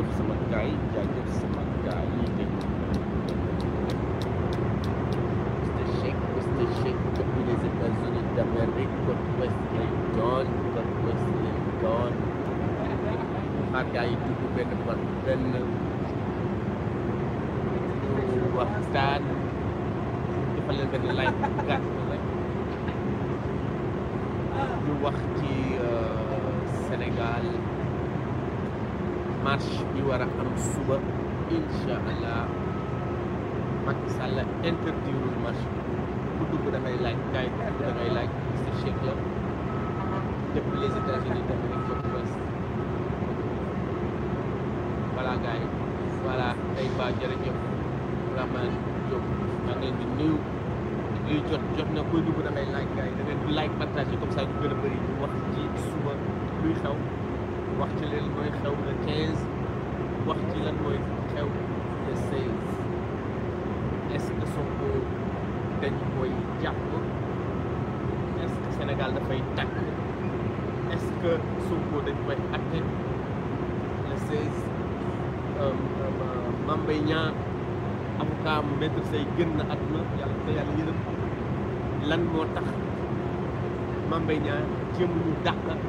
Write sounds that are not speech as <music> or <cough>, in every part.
jaajëf sama gars yi jaajëf sama gars yi dégg Mister Shake Mister Shake depuis les États-Unis d'Amérique côte ouest lay doon côte ouest lay doon xaar gars yi dugg benn par benn waxtaan defal leen benn laaj bu gàtt rek ñu wax ci eh, Sénégal marche bi war a am suba incha allah Macky Sall interdirul marche bu dugg dafay laaj kaay bu dugg dafay laaj sa chèque la depuis les États-Unis daf nekk ba yi di jot jot na koy dugg dafay laaj gars yi da ngeen di comme ça ñu wax ci suba luy xew. wax ci leen mooy xew le 15 wax ci lan mooy xew le 16 est-ce koy jàpp est Sénégal dafay tàkk est-ce que koy atte le 16 euh, euh, euh, Mame Mbaye Niang say gën na àdduna yàlla te yàlla yërëm lan moo tax Mame Mbaye Niang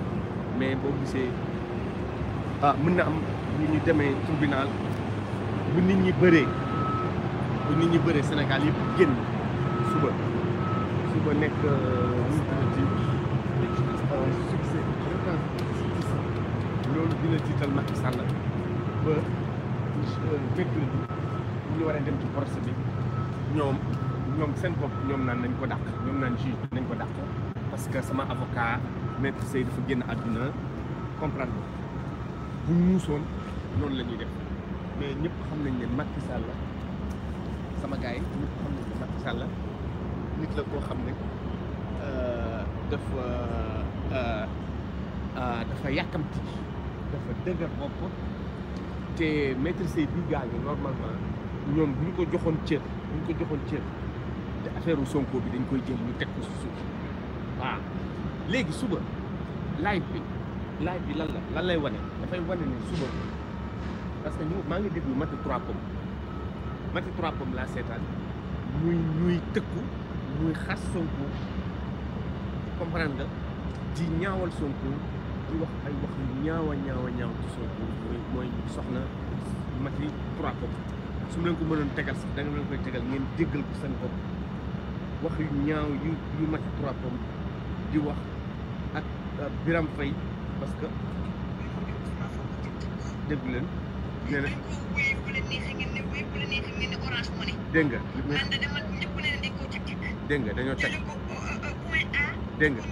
mais bo gisé ah mën na am bu ñu démé tribunal bu nit ñi bëree bu nit ñi bëree Sénégal yépp génn suba suba nek succès loolu dina tiital Macky Sall ba mercredi un ñu waree dem ci procès bi ñoom ñoom seen nous ñoom naan nañ ko dàq juge nañ ko parce que sama avocat maître Seye dafa génn àdduna comprendre bu muusoon loolu lañuy def mais ñëpp xam nañ ne Macky Sall sama gars yi ñëpp xam ne Macky Sall nit la koo xam ne euh, dafa euh, euh, dafa yàkkamti dafa dëgër bopp te maître Seye bi gaañu normalement ñoom bu ko joxoon cër bu ñu ko joxoon cër te affaire Sonko bi dañ koy jël ñu teg ko si suuf waaw. léegi suba live bi live bi lan la lan lay da fay wone ni suba parce que ñu ma ngi déglu Mati 3 pom Mati 3 pom la sétane muy ñuy tëkku muy xas Sonko comprendre nga di ñaawal Sonko di wax ay wax ñaawa ñaawa ñaaw ci Sonko moy moy soxna Mati 3 pom su ma ko mënon tegal sax da nga leen koy tegal ngeen déggal ko sen bop wax yu ñaaw yu yu Mati trois pommes di wax. Euh, Biram Faye parce que dégg leen nee na dégg nga dégg nga dañoo teg dégg nga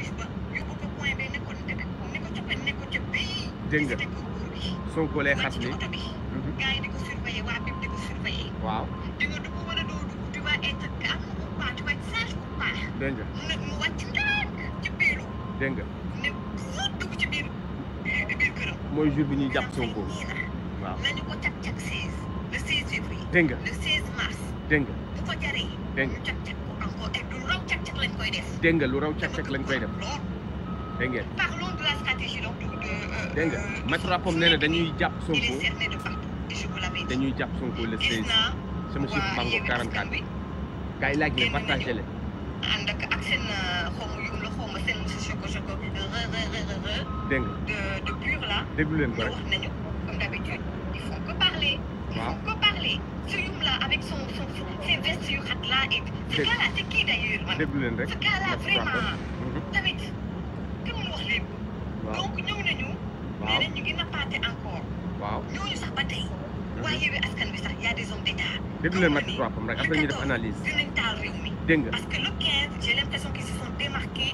dégg nga Sonko lay xas ni waaw dégg nga mooy jour ñuy jàpp Sonko waaw dégg nga dégg nga lu raw càq-càq lañ koy def dégg ngeen dégg nga euh, euh, dañuy jàpp Sonko dañuy jàpp Sonko le 16 sama chiffre bango 44 gars yi laaj leen partagé que parler. que parler ce avec son son ses c'est qui d'ailleurs là vraiment. David donc nous nous encore. nous Nous, sax y a des hommes d'État. analyse. parce que le 15 j'ai l'impression qu'ils se sont démarqués.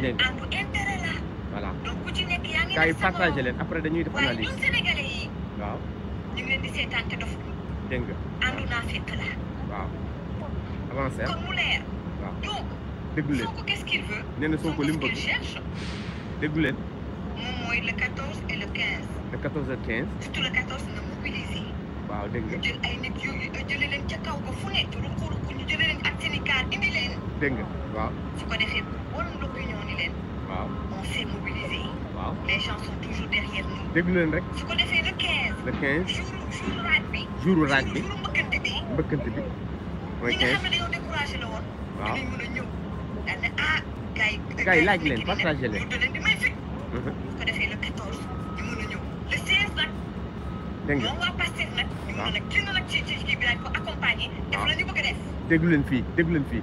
dégg voilà gars yi partagé leen après dañuy def analyse waaw dégg nga waaw avancé waaw déglu leen nee na Sonko li mu bëgg déglu leen. moom mooy le 14 et le 15. le 14 et le 15. surtout le 14 na mobilisé. waaw dégg nga. jël ay nit yooyu jëlee leen ca kaw ba fu ne. ruqu ruqu ñu jëlee leen ak seen i kaar indi leen. dégg nga waaw. su ko defee. won l'opinion ni waaw on s'est waaw les gens sont toujours derrière rek. jour jour raaj bi. jour raaj bi jour mbëkkante bi. mbëkkante nga xam ne dañoo découragé la waaw dinañ ah, laaj leen partagé leen mhm. ñu fii déglu leen fii.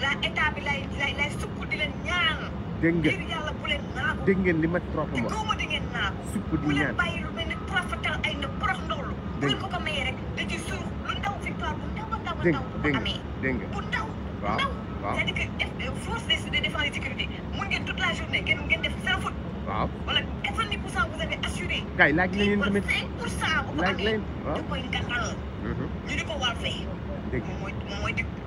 la état bi lay lay lay sukk di leen ñaan. dégg ngeen ngir yàlla bu leen naagu. dégg ngeen li ma trop ma góob di ngeen naagu. sukk di ñaan bu leen bàyyi lu mel ne profital ay na prof ndóol. bu leen ko ko mayee rek da ciy suuf lu ndaw victoire bu ndaw a ndaw a ndaw. bu amee bu ndaw. waaw ndaw c'est-à-dire que euh, force de défense et sécurité mun ngeen toute la journée ngeen ngeen def sans faute. waaw wala 90 pour cent vous avez assuré. kay laaj la leen tamit 5 pour cent bu ko amee da koy gàttal. Mhm. ñu di ko wàllu fee. dégg moom mooy moom mooy dégg.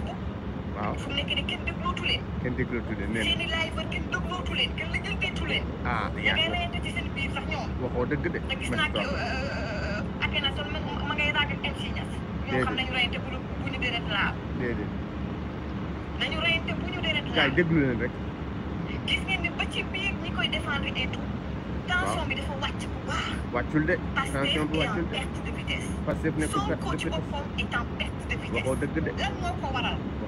waaw fu mu nekk nii kenn déglootu leen. kenn déglootu leen nee seen i laay ba kenn déglootu leen kenn la jëndeetu leen. ah yaa ngi rayante ci seen biir sax ñoom. waxoo dëgg de. te gis naa ko euh, Akhenaton ma ngay raag ak MC Niass. déedéet ñoo xam nañu rayante bu bu ñu deret laal. déedéet. nañu rayante bu ñu deret laal. kay déglu leen rek. gis ngeen ni ba ci biir ñi koy défendre et tout. tension bi dafa wàcc bu baax. wàccul de tension bi wàccul de parce que nekkul perte de vitesse. Sonko ci boppam est en perte de vitesse. waxoo dëgg de lan moo ko waral.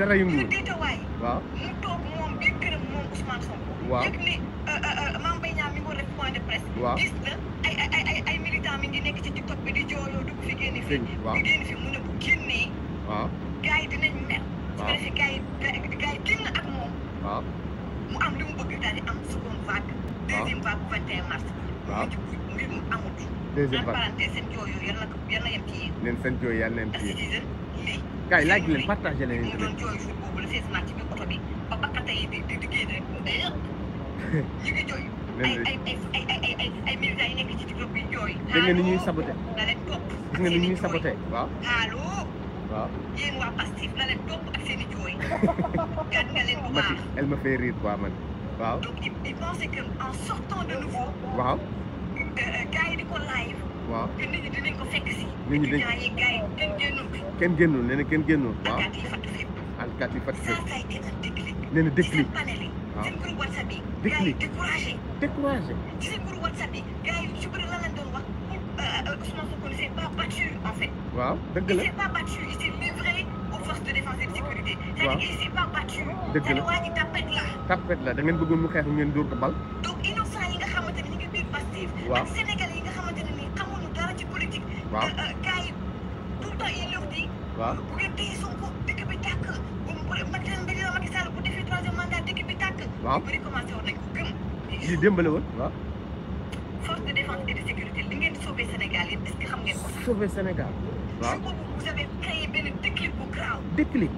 dara yu mu toog moom biir moom Ousmane Sonko. waaw yëg ni euh, euh, euh, Mame Mbaye mi ngi war def de presse. ay ay mi ngi ci TikTok bi di jooyoo dugg fi génn fi. mu ne bu génnee. waaw gars yi dinañ mel. waaw su ko defee gars yi gars yi génn ak moom. waaw mu am li mu bëgg daal am seconde vague. deuxième vague bu 21 mars. waaw mbir mu amut. deuxième vague en parenthèse seen jooyoo yal na ko yal na yem ci yéen. leen seen jooy yal na yem ci yéen. gars yi laaj leen partagé leen internet. dégg nga ni ñuy saboté. gis nga ni ñuy saboté waaw. waaw yéen waa Pastef na leen topp ak seen i jooy. <laughs> gàtt nga leen bu baax Mati elle me fait rire quoi man waaw. donc il pensait que en sortant de nouveau. waaw. Euh, gars yi di ko live. waaw te nit ñi dinañ ko fekk si. nit ñi dañ étudiants yi gars yi kenn génnul. kenn génnul nee na kenn génnul. waaw alkaati yi fàttu fépp. alkaati yi fàttu fépp. ça ça a été un déclic. nee na déclic seen panel yi. waaw seen groupe whatsapp yi. déclic gars yi découragé. découragé. seen groupe whatsapp yi gars yi ci bëri lan lañ doon wax euh, euh, Ousmane Sonko ne s'est pas battu en fait. waaw dëgg la il s'est pas battu il s'est livré aux forces de défense et de sécurité. waaw c'est-à-dire il s'est pas battu. dëgg la c'est-à-dire waa ji tapet la. tapet la da ngeen bëggoon mu xeex ngeen dóor ko bal. donc innocent yi nga xamante ne ñu ngi biir Pastef. waaw waaw gars yi tout le temps yéen ñoo ko di. waaw bu ngeen téye Sonko dëkk bi tàkk. bu mu bëri matériel bi la Macky Sall bu defee troisième mandat dëkk bi tàkk. waaw bëri commencé woon nañ ko gëm. lii démbale woon waaw. force de défense et de sécurité li ngeen sauver Sénégal yéen est-ce que xam ngeen ko sax. sauver Sénégal waaw. su boobu vous avez créé benn déclic bu grave. déclic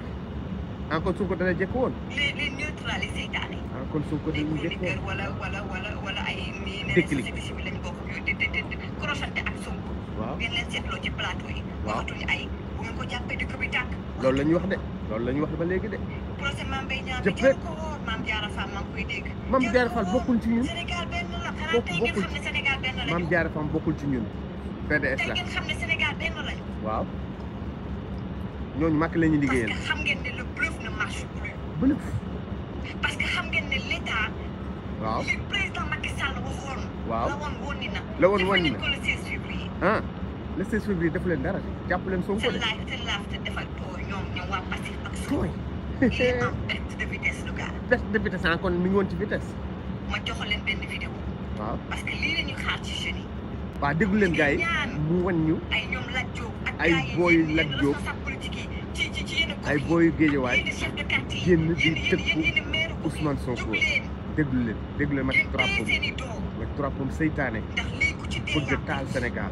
encore Sonko dana jekk woon. les les neutraliser seytaane. encore Sonko dana jekk woon wala wala wala wala ay. déclic seetloo plateau yi. waaw waxatuñu ay bu ngeen ko jàppee dëkk bi tàkk. loolu la ñuy wax de loolu la ñuy wax ba léegi de. procès Mame Mbaye Niang bi jël ko woor Mame Diarra Fam maa ngi ci ñun. Sénégal benn la xanaa tey ngeen xam ne Sénégal benn lañu. Mame Diarra Fam bokkul ci ñun. PDS la tey ngeen xam ne waaw ñooñu màkk la ñuy liggéeyal. xam ngeen le bluff ne marche plus. bluff. parce que xam ngeen ne l'état. waaw li président Macky Sall waxoon. waaw la woon woon na. la woon woon ni le 16 février defu leen dara jàpp leen Sonko de. <laughs> seen de vitesse lu ah, kon mi ngi woon ci vitesse. ma jox leen benn vidéo. waaw parce que lii la ñu xaar ci jeunes yi. waaw déglu leen gars ñu. ay ñoom Lat Diop ay booyu Lat Diop ci génn di tëkku Ousmane Sonko déglu leen déglu ma ci trois pommes ma trois pommes seytaane bëgg taal Sénégal.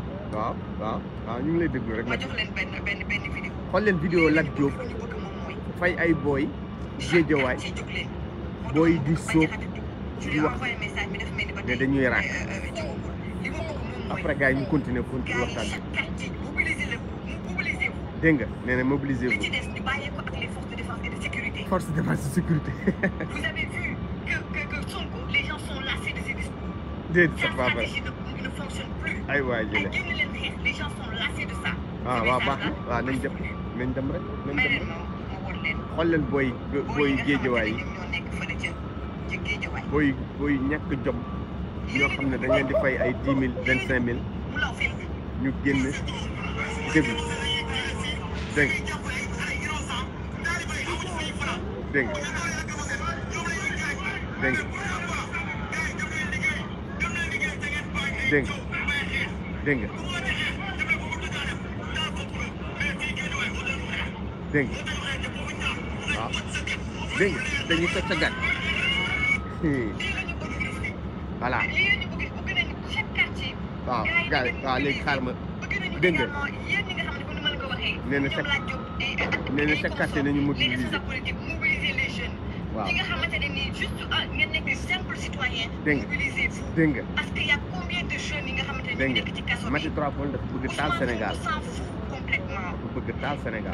waaw waaw waaw ñu ngi lay déglu rek. ma jox leen xool leen vidéo Lat Diop fay ay booy. géejawaay booy di sóob ne dañuy raak euh, euh, après gars yi ñu continuer continuer waxtaan bi dégg nga nee na mobiliser vous force de de sécurité. vous avez ay waay jëlee. ಬಾ ಬಾ ನಿನ್ನ ಜಪ್ ನಿನ್ನ ಜಮ್ rek nañ dem rek xool leen booy booy géejawaay booy booy ñàkk jom ñoo xam ne dañ leen di fay ay dix mille vingt cinq mille ñu génn déglu dégg dégg dégg nga waaw dégg nga dañuy toj sa gan voilà waaw gars yi waaw léegi xaar ma dégg nga nee na chaque nee na chaque quartier nañu mobiliser waaw dégg nga dégg Sénégal Sénégal.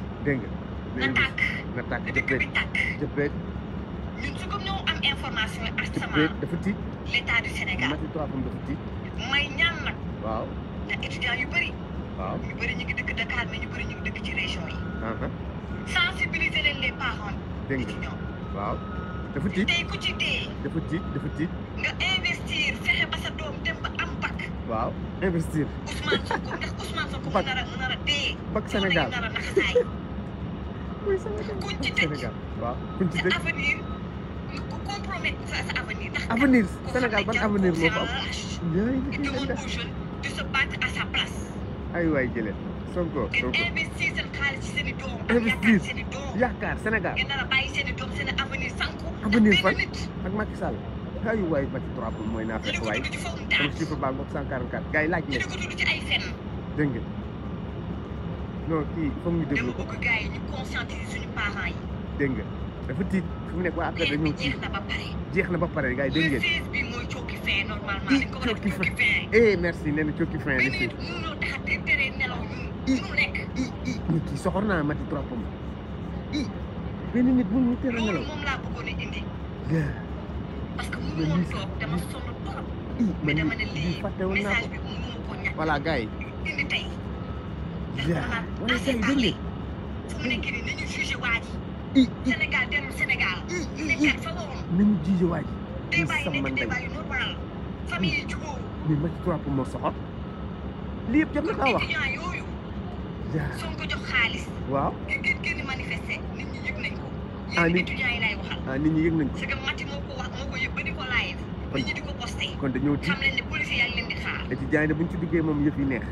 dégg nga. na tàkk na tàkk jëppee jëppee. ñun su ko ñoo am information yi. jëppee dafa tiit. l' état du Sénégal Maty 3 Pommes dafa tiit. may ñaan nag. waaw na étudiants yu bëri. waaw ñu bëri ñu ngi dëkk Dakar mais ñu bëri ñu ngi dëkk ci région yi. Uh-huh. sensibiliser leen les parents. dégg nga waaw dafa tiit tey ku ci dee. dafa tiit dafa tiit. nga investir fexe ba sa doom dem ba am bac. waaw investir. Ousmane Sonko ndax Ousmane Sonko mu nar a mu nar a dee. bac Sénégal mu nar a naxasaay. Sénégal waaw kuñ ci dëkk avenir ku compromettre sa avenir ndax avenir Sénégal ban avenir moo fa am demande aux jeunes de se battre à sa place ay waay jëlee Sonko Sonko investir seen xaalis ci seen i doom investir seen i doom yaakaar Sénégal ngeen nar a bàyyi seen i doom seen avenir sànku avenir fan ak Macky Sall ay waay Macky trois pour mooy naa fekk waay sama chiffre baa ngoog cent quarante quatre gars yi laaj leen dégg ngeen non kii foog ñu déglu ko dama bëgg ñu conscientiser suñu parents yi. nga dafa fu mu nekk waa après dañoo jeex na ba pare. jeex na le bi fi eh, tere nelaw ñu ñu lekk. i ki soxor naa mati trop trop. i mais yi. waaw wala say dégg nga. i i i i nañu jugé waa ji. sama ndey mi ma ci trois pour moo soxor. lii yëpp jot na kaa wax. waaw. ah nit ah nit ñi yëg nañ ko. kon kon dañoo ji. étudiants yi ne bu ñu ci duggee moom yëf yi neex.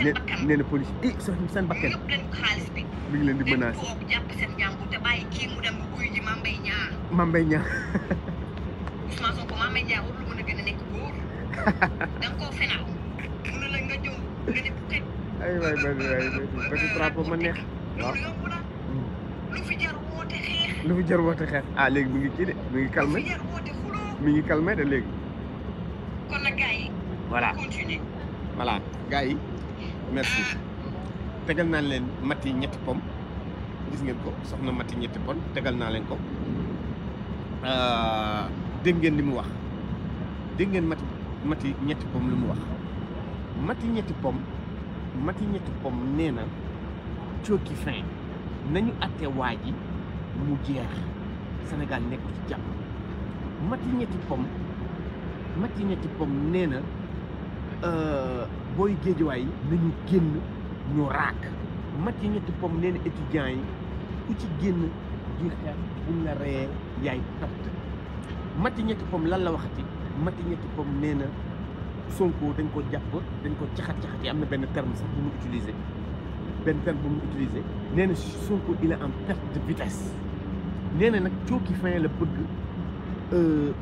nee nee police eh soxna seen bakkan yóbbu mi ngi len di menacer toog jàpp seen jàmbur te baye ki mu dem uyu ji mambay nya mambay nya Mbaye Niang Ousmane Sonko mambay nya Niang lu mën a gën a nekk góor da fenal mu ne la nga jëw nga ne bu teg ay waay waay waay petit trapo ma neex lu fi jar wote xex eh. lu fi jar wote xex eh. ah léegi mi ngi kii de mi ngi calmer lu fi jar woote xuloo mi ngi calmer de léegi kon na gay voilà continuer voilà gars yi merci tegal naa leen matti ñetti pom gis ngeen ko soxna matti ñetti pom tegal naa leen ko euh, dégg ngeen li mu wax dégg ngeen mati mati ñetti pom lu mu wax mati ñetti pom mati ñetti pom nee na cooki fin nañu atte waa ji mu jeex senegal nekk ci jàmm yi ñetti pom mati ñetti pom nee na euh, booy géejuwaay nañu génn ñu raak mati ñet pom nee étudiant yi ku ci génn di xeex bu la ré yaay perte mati ñet pom lan la waxati mati ñet pom nee Sonko dañ ko japp dañ ko ci xat ci am amna ben terme sax bu mu utiliser ben terme bu mu utiliser nee Sonko il est en perte de vitesse nee na nag cooki fin la euh,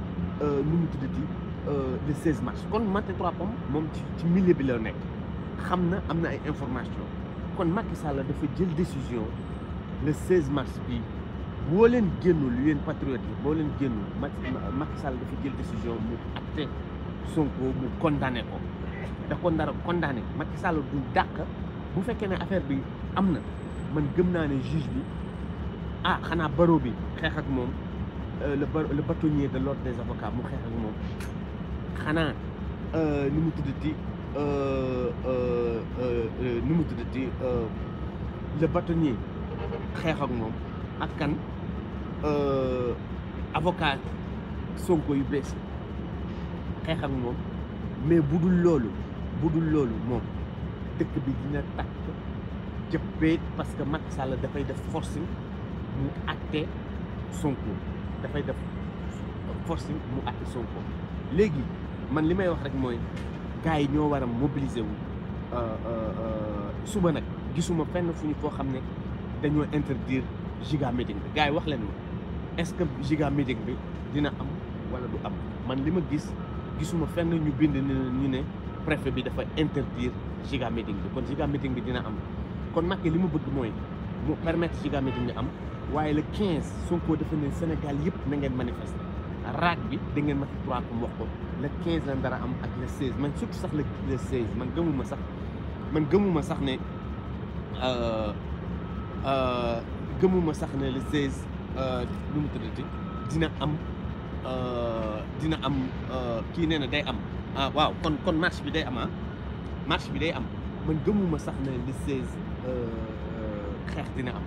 euh nu mu tuddati le 16 mars kon Maté Trois Pommes moom ci ci milieu bi la nekk xam na am ay information kon Macky Sall dafa jël décision le 16 mars bii boo leen génnul yéen patriotes yi boo leen génnul Macky Sall dafa jël décision mu acté son mu condamné ko da ko ndara condamné Macky Sall du dàq bu fekkee ne affaire bi am na man gëm naa juge bi ah je baro bi xeex ak moom euh, le le bâtonnier de l'ordre des avocats mu xeex ak moom xanaa nu mu tuddati nu mu tuddati le bâtonnier xeex ak moom ak kan avocat Sonko yu bees xeex ak moom mais bu dul loolu bu dul loolu moom dëkk bi dina takk jëppeet parce que Macky Sall dafay def forcing mu acte Sonko dafay def forcing mu acte Sonko léegi man li may wax rek mooy gars yi ñoo war a mobiliser wu euh, euh, euh, suba nag gisuma fenn fu ñu foo xam ne dañoo interdire giga meeting bi gars yi wax leen ma est-ce que giga meeting bi dina am wala du am man li ma gis gisuma fenn ñu bind ñu ne préfet bi dafa interdire giga meeting bi kon giga meeting bi dina am kon Macky li ma bëgg mooy mu permettre giga meeting bi am waaye le 15 Sonko dafa ne Sénégal yëpp na ngeen manifester raag bi da ngeen ma ci droit wax لا 15 درهم اك لا 16 ما نسوقش صح لك لا 16 ما نقوم ما صح ما نقوم ما صحنا ااا آه ااا آه، قوم ما صحنا لا 16 ااا آه، نوم ترجي دينا ام ااا آه، دينا ام ااا كي نينا داي ام ااا واو كون كون مارش بداي ام مارش بداي ام ما نقوم ما صحنا لا 16 ااا خاخ دينا ام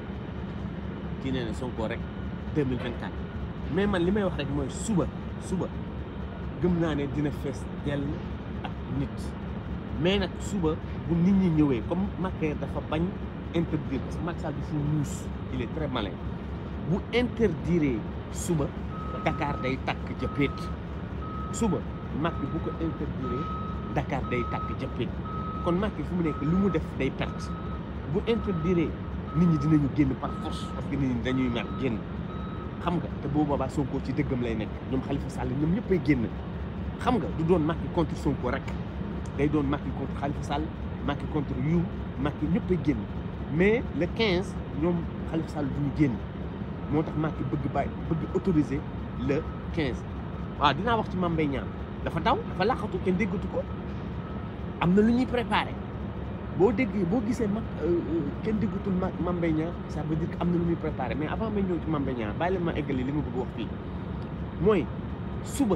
كي نينا سون كوريك 2024 ميم اللي ما يوحرك موي سوبر سوبر gëm naa ne dina fees dell ak nit mais nag suba bu nit ñi ñëwee comme Macky dafa bañ interdire parce que Macky Sall bi fu muus il est très malin bu interdire suba Dakar day takk jëppeet suba Macky bu ko interdire Dakar day takk jëppeet kon Macky fu mu nekk li mu def day perte bu interdire nit ñi dinañu génn par force parce que nit ñi dañuy mer génn xam nga te boobu boobaa ko ci dëggam lay nekk ñoom Khalifa Sall ñoom ñëppay génn xam nga du doon makki contre Sonko rek day doon makki contre Khalifa Sall makki contre you makki ñeppay a génn mais le 15 ñoom Khalifa Sall du ñu génn moo tax Macky bëgg bàyyi bëgg autoriser le 15. waaw dinaa wax ci Mame Mbaye Niang dafa daw dafa laqatu kenn déggatu ko am na lu ñuy préparé boo déggee boo gisee mag euh, euh, kenn déggatul ma Mame Mbaye Niang ça veut dire que am na lu ñuy préparé mais avant may ñëw ci Mame Mbaye Niang bàyyi leen ma eggali li ma bëgg wax fii mooy suba.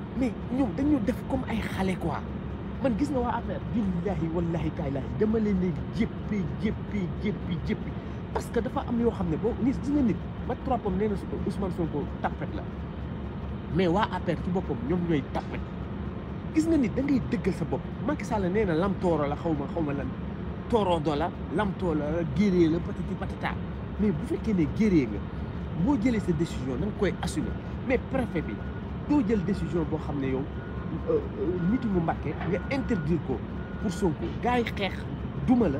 mais ñoom dañu def comme ay xale quoi man gis nga waa affaire billahi wallahi taalahi dama leen ne jéppi jéppi jéppi jéppi parce que dafa am yoo xam ne boo gis nga nit ma troppam nee na soo Sonko tapet la mais waa affaire ci boppam ñoom ñooy tapet gis nga nit da ngay dëggal sa bopp Macky Sall nee na lam tooro la xaw ma xaw ma lan tooro do la lam tooro la gérée la patati patata mais bu fekkee ne gérée nga boo jëlee sa décision da nga koy assumer mais préfet bi tout jël décision bo xamné yow euh, euh, nit mu Mbàkke nga interdire ko pour Sonko gars yi xeex duma la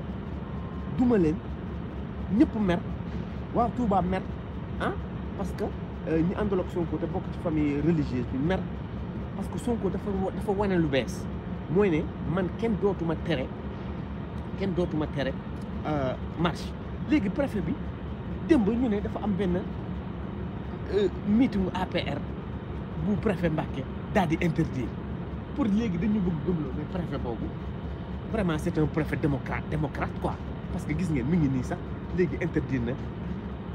duma len ñepp mer wa Touba mer hein parce que euh, ñi àndal ak Sonko té bokk ci famille religieuse bi mer parce que Sonko dafa dafa wane lu bees moy né man kenn dootuma téré kenn dootuma téré euh marche légui préfet bi demb ñu né dafa am ben euh meeting APR bu préfet Mbacké daal di interdire pour léegi dañu bëgg gëmloo mais préfet boobu vraiment c' est un préfet démocrate démocrate quoi parce que gis ngeen mi ngi nii sax léegi interdire na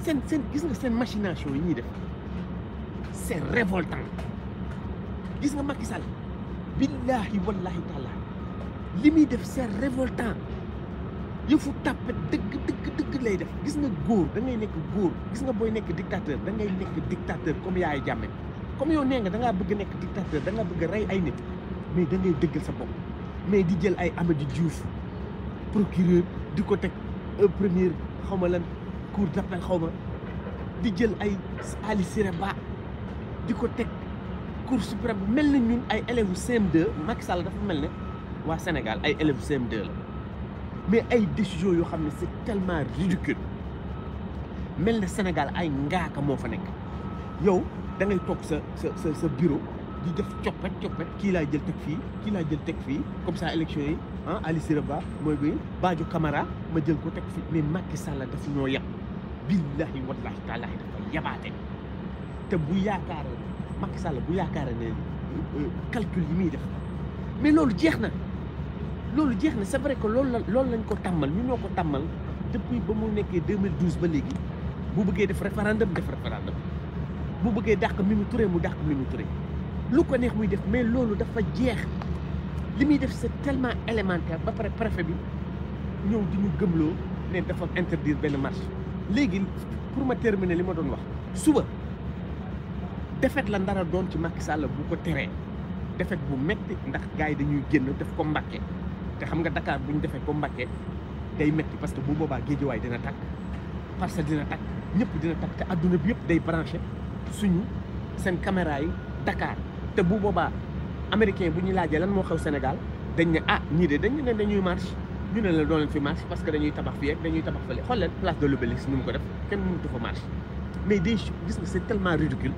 seen seen gis nga seen machination yi ñuy def c' est révoltant gis nga Macky Sall billaahi wallaahi taala li muy def c' est révoltant yëfu tàppe dëgg dëgg dëgg lay def gis nga góor da ngay nekk góor gis nga booy nekk dictateur da ngay nekk dictateur comme yaay jàmme comme yow nee nga da ngaa bëgg nekk dictateur da ngaa bëgg rey ay nit mais da ngay dëggal sa bopp mais di jël ay Amady Diouf procureur di ko teg première xaw ma lan cour d'appel xaw ma di jël ay Ali Siré di ko teg cour suprême mel na ñun ay élèves CM2 Macky Sall dafa mel ne waa Sénégal ay élèves CM2 la mais ay décisions yoo xam ne si c'est tellement ridicule mel na Sénégal ay ngaaka moo fa nekk yow. da ngay toog sa sa sa sa bureau di def coppet coppet kii laa jël teg fii kii laa jël teg fii comme ça élection yi ah Ba mooy bi baajo Camara ma jël ko teg fii mais Macky Sall dafa ñoo yab billahi wallahi taalahi dafa yabaate te bu yaakaare Macky Sall bu yaakaare ne euh, calcul yi muy def mais loolu jeex na loolu jeex na c'est vrai que loolu la loolu lañ ko tàmmal ñu ñoo ko tàmmal depuis ba mu nekkee 2012 ba léegi bu bëggee def référendum def référendum bu bëggee dàq mi Mimi Touré mu dàq Mimi Touré lu ko neex muy def mais loolu dafa jeex li muy def c'est tellement élémentaire ba pare préfet bi ñëw di ñu gëmloo ne dafa interdire benn marche léegi pour ma terminer li ma doon wax suba defet la ndara doon ci Macky sàll bu ko teree defet bu metti ndax gars yi dañuy génn def ko Mbacké te xam nga Dakar bu ñu defee ko Mbacké day metti parce que bu boobaa géejewaay dina takk parce que dina takk ñëpp dina takk te bi yëpp day branché suñu seen caméra yi Dakar té bu boba américain buñu ñu lan mo xew Sénégal dañ né ah ñi dé dañ né dañuy marche ñu né la do leen fi marche parce que dañuy tabax fi ak dañuy tabax fële xol leen place de l'obélix ñu ko def kenn mënatu fa marche mais des gis nga c'est tellement ridicule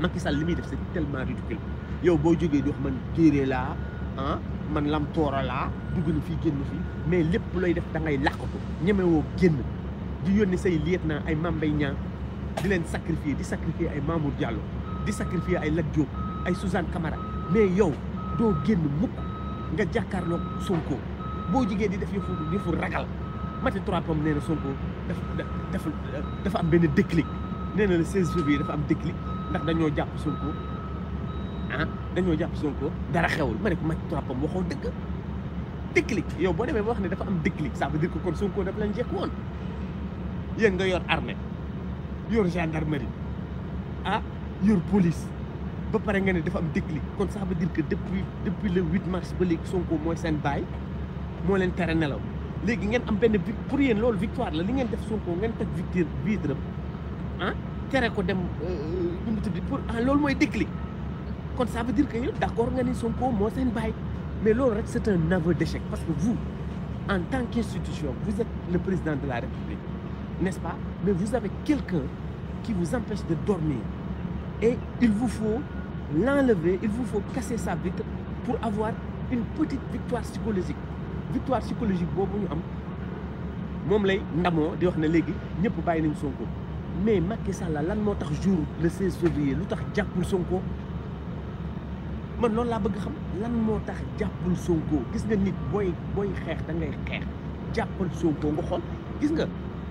Macky Sall limi def c'est tellement ridicule yow bo joggé di wax man géeree la ah man lam tora la dugg na fii génn fii mais lepp loy def da ngay làqatu ñemewoo genn di yónni say liet ay mambay ñaan di leen sacrifier di sacrifier ay Mamour Diallo di sacrifier ay Lat Diop ay Suzanne Camara mais yow doo génn mukk nga jàkkaarloog Sonko boo jigéen di def yëfu yëfu ragal Maty Trois Pommes nee na Sonko dafa dafa am benn déclic nee na le dafa am déclic ndax dañoo jàpp Sonko ah dañoo jàpp Sonko dara xewul ma ne ko Maty Trois Pommes waxoo dëgg déclic yow boo demee ba wax ne dafa am déclic ça veut dire que kon Sonko daf la njëkk woon yéen nga yor armée yor gendarmerie ah yor police ba paré nga ne dafa am déclic kon ça veut dire que depuis depuis le 8 mars ba léegi Sonko mooy seen baay mo len téré nelaw légui ngén am ben pour yéen loolu victoire la li ngén def Sonko ngén toj victoire vitre ah tere ko dem ñu euh, euh, mu tuddi pour ah loolu moy déclic kon ça veut dire que yow d'accord, accord Sonko mo sen baay mais loolu rek c' un aveu d'échec parce que vous en tant qu'institution institution vous êtes le président de la république n'est-ce pas Mais vous avez quelqu'un qui vous empêche de dormir. Et il vous faut l'enlever, il vous faut casser sa vitre pour avoir une petite victoire psychologique. Victoire psychologique, bobu ñu am mom lay ndamo di wax légui sonko. Mais Macky Sall nous motax jour le 16 février lutax jappul sonko man loolu là bëgg xam lan moo tax Sonko gis nga nit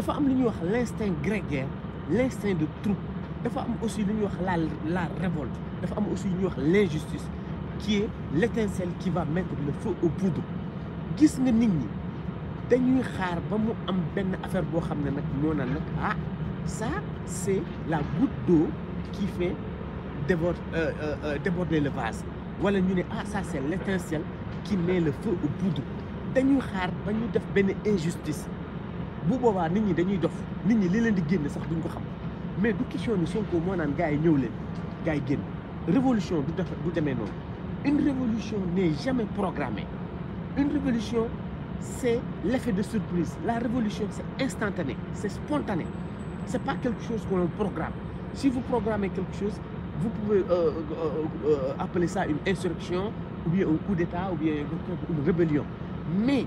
dafa am lu ñuy wax l'instinct grégaire l'instinct de troupe dafa am aussi lu ñuy wax la la révolte dafa am aussi lu ñuy wax l'injustice qui est l'étincelle qui va mettre le feu au poudre gis nga nit ñi dañuy xaar ba mu am benn affaire boo xam ne nag moo naan nag ah ça c'est la goutte d'eau qui fait déborder euh, euh, euh, déborder le vase wala ñu ne ah ça c'est l'étincelle qui met le feu au poudre dañuy xaar ba ñu def benn injustice bu boobaa nit ñi dañuy dof nit ñi li leen di génn sax duñ ko xam mais du question ni Sonko moo naan gars yi ñëw leen gars yi génn révolution du def du demee noonu une révolution n'est jamais programmée une révolution c'est l'effet de surprise la révolution c'est instantané c'est spontané c'est pas quelque chose qu'on programme si vous programmez quelque chose vous pouvez euh, euh, euh appeler ça une insurrection ou bien un coup d'état ou bien une rébellion mais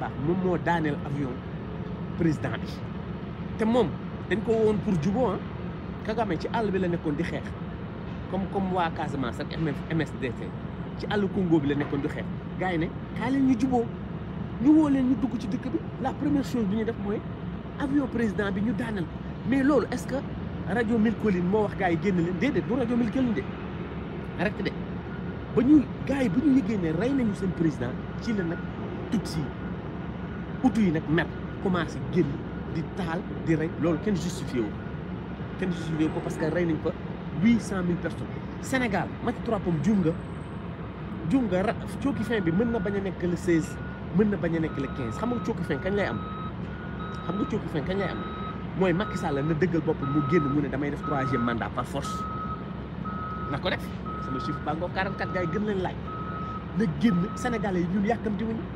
baax mom mo danel avion président bi té mom dañ ko won pour jubóo ah Kagame ci all bi la nekkoon di xeex comme comme wa Casamance ak MSDC ci àll Congo bi la nekkoon du xeex gars yi ne kaa ñu djubo ñu woo leen ñu dugg ci dëkk bi la première chose bi ñu def moy avion président bi ñu daaneel mais lolu est-ce que radio Mille Collines moo wax gars yi génn dédé déedéet radio rajo Mille Collines de rek de ba ñu gars yi ba ñu yëgee ne rey nañu sen président ci la nag tutsi utu yi nag mer commencé génn di taal di rek loolu kenn justifié wu kenn justifié ko parce que rey nañ fa huit cent mille personnes Sénégal Maty Trois Pommes juum nga juum nga ra cooki fin bi mën na bañ a nekk le seize mën na bañ a nekk le quinze xam nga cooki fin kañ lay am xam nga cooki fin kañ lay am mooy Macky Sall na dëggal boppam mu génn mu ne damay def troisième mandat par force na ko def sama chiffre baa ngoo 44 gars yi gën leen laaj na génn Sénégalais yi ñun yàkkamti wuñu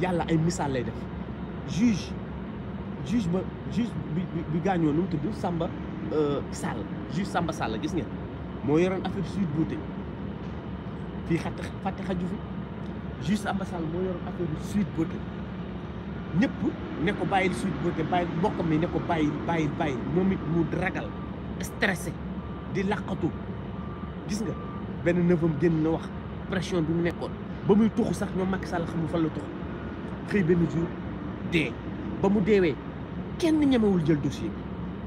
yalla ay misaal lay def juge juge ba juge bi le juge, Samba euh, juge Samba Sall gis nga affaire Beauté le xat le xaju fi juge Samba Sall mo juge, affaire suite Beauté ñepp ne ko Beauté juge, le ne ko stressé di laqatu gis nga le juge, le na pression bi mu le ba muy sax ñom le xëy benn jour dee ba mu deewee kenn ñemewul jël dossier bi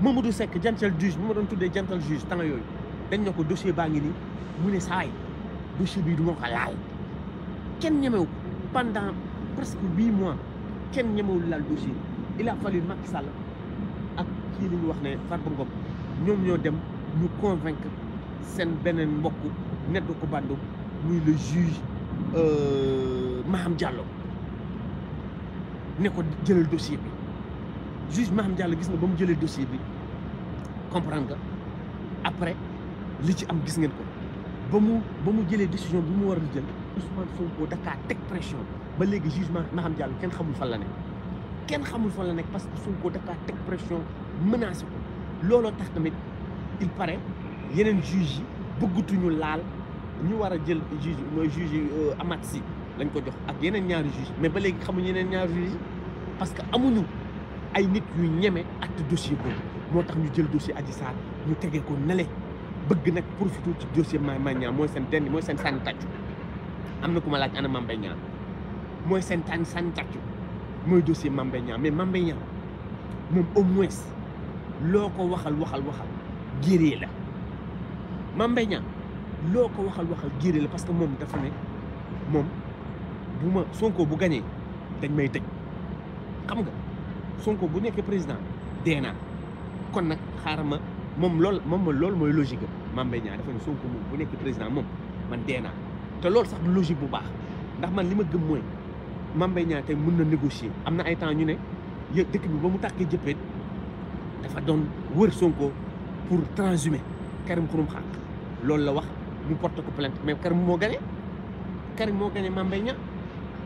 Mamadou Seck jantal juge bi ma doon tuddee jantal juge temps yoy. dañ ne dossier baa ngi nii mu ne dossier bii du ma ko laal kenn ñemewu ko pendant presque 8 mois kenn ñemewul laal dossier il a fallu Macky Sall ak kii li ñu wax ne Farba Ngom ñoom ñoo dem ñu convaincre Sen Benen mbokk nedd ko bandu muy le juge euh, Maham Diallo ne ko jëlal dossier bi juge Maham Diallo gis nga ba mu dossier bi comprendre nga après li ci am gis ngeen ko ba mu ba décision bi mu war jël Ousmane Sonko dakaa tek pression ba légui juge Maham Diallo kenn xamul fa la nek kenn xamul fa la nek parce que Sonko dakaa tek pression menacé ko lolo tax tamit il paraît yenen juge yi ñu laal ñu wara jël juge mooy juge euh, Amat lañ ko jox ak yeneen ñaari juge mais ba léegi xamuñu yeneen ñaari juge parce que amuñu ay nit yu ñeme atte dossier boobu moo tax ñu jël dossier Adji Sarr ñu tegee ko nele bëgg nag profité ci dossier Mame Mbaye Niang mooy seen denn mooy seen sànni tàccu am na ku ma laaj ana Mame Mbaye Niang mooy seen tànn sànni tàccu mooy dossier Mame Mbaye Niang mais Mame Mbaye Niang moom au moins loo ko waxal waxal waxal géré la Mame Mbaye Niang loo ko waxal waxal géré la parce que moom dafa ne moom bu Sonko bu gagné dañ may tej xam nga Sonko bu nekkee président déna, kon nak xaaral mom moom mom moom moy logique mam Mame Mbaye dafa ne Sonko bu nekkee président mom man dee té te sax logique bu baax ndax man lima ma gëm moy mam Mbaye Niang tey mën na négocier amna ay temps ñu né dëkk bi ba mu takké jëppeet dafa doon wër Sonko pour transhumer Karim Xurum khan loolu la wax ñu porte ko plainte mais Karim mo gañe Karim mo gañe mam Mbaye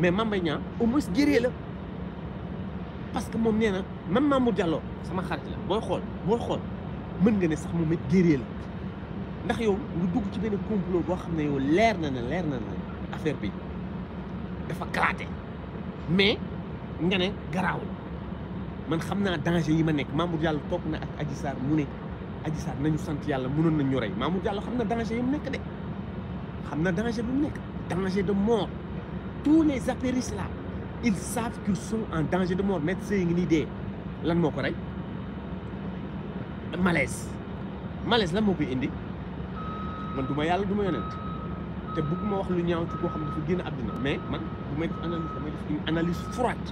mais Mame Mbaye Niang au la parce que moom nee na même Mamour Diallo sama xarit la booy xool booy xool mën nga ne sax moom it guerrier la ndax yow nga dugg ci benn complot boo xam ne yow leer na ne leer na ne affaire bi dafa kalaate mais nga ne garaawul man xam naa danger yi ma nekk Mamour jàll toog na ak Adji Sarr mu ne Adji Sarr nañu sant yàlla munoon nañ ñu rey Mamour Diallo xam na danger yi mu nekk de xam na danger bi mu nekk danger de mort tous les apéristes là ils savent qu'ils sont en danger de mort Mais c'est une idée. dee lan moo malaise malaise là mon koy indi man du ma yàlla du ma yonent te bëgguma wax lu ñaaw ci tu xam dafa génn àdduna mais man bu may analyse une analyse froide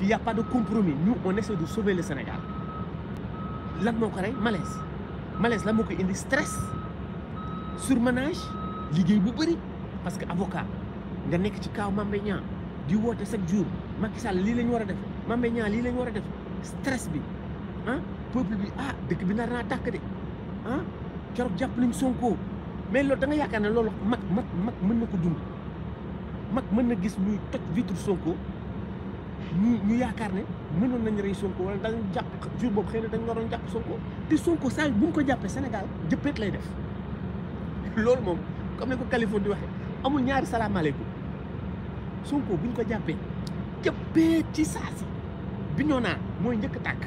il y a pas de compromis Nous on essaie de sauver le Sénégal lan moo ko malaise malaise là mon koy indi stress surmenage liggéey bu parce que avocat nga nek ci kaw mambe Mbaye di wote sax jour Macky Sall li lañ wara def mambe Mbaye li lañ wara def stress bi ah peuple bi ah dekk bi nar na tak de ah corog japp liñ Sonko mais lo da nga yakane ne mak mak mak mag mën na dund mak mën na gis muy toj vitre Sonko ñu ñu yaakaar ne mënoon nañ rey Sonko wala dañ japp jour bob xeyna na dañ waron japp Sonko te Sonko saa buñ ko jappé Sénégal jëppet lay def <laughs> loolu mom comme ni ko Californie di waxe amul ñaari salaamaaleykum Sonko buñ ko jappé jëppee ci sasi biñona moy ñëk tak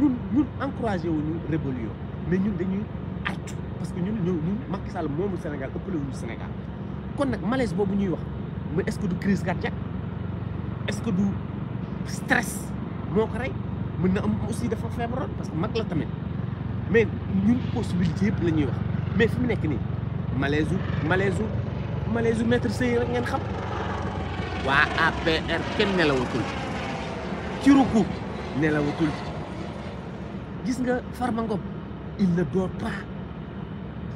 ñun ñun encouragé wuñu rébellion mais ñun dañuy artu parce que ñun ñoo ñun Macky Sall momu Sénégal ëppale wuñu Sénégal kon nak malaise bobu ñuy wax mais est-ce que du crise cardiaque est-ce que du stress moko ray rey mën na am aussi dafa feebaroon parce que mak la tamit mais ñun possibilité yëpp la ñuy wax mais fi mu nekk ni malaise u malaise malaise maître sey rek ngeen xam waa APR kenn nelawatul ci ruku nelawatul gis nga Farba Ngom il ne dort pas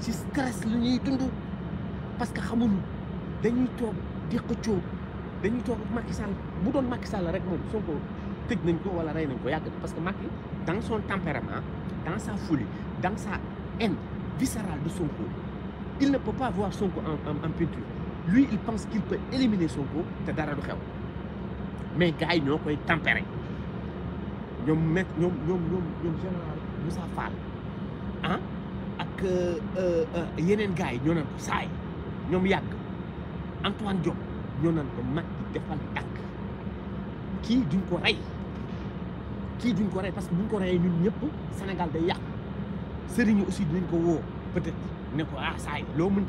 ci stress lu ñuy dund parce que xamuñu dañuy toog di xëccoo dañuy toog Macky Sall bu doon Macky Sall rek moom Sonko tëj nañ ko wala rey nañ ko yàgg na parce que Macky dans son tempérament dans sa folie dans sa haine viscérale de Sonko il ne peut voir Sonko en en peinture. lui il pense qu'il peut éliminer son te dara du mais gars est tempéré. koy tempérer ñom met ñom général Moussa Fall ah, ak euh, euh, gars ñoo Antoine Diop ñoo naan ko mag defal tànk ki duñ ko nous ki duñ ko parce que buñ ko rayé ñun ñëpp Sénégal day Serigne aussi dinañ ko wo peut-être ko ah,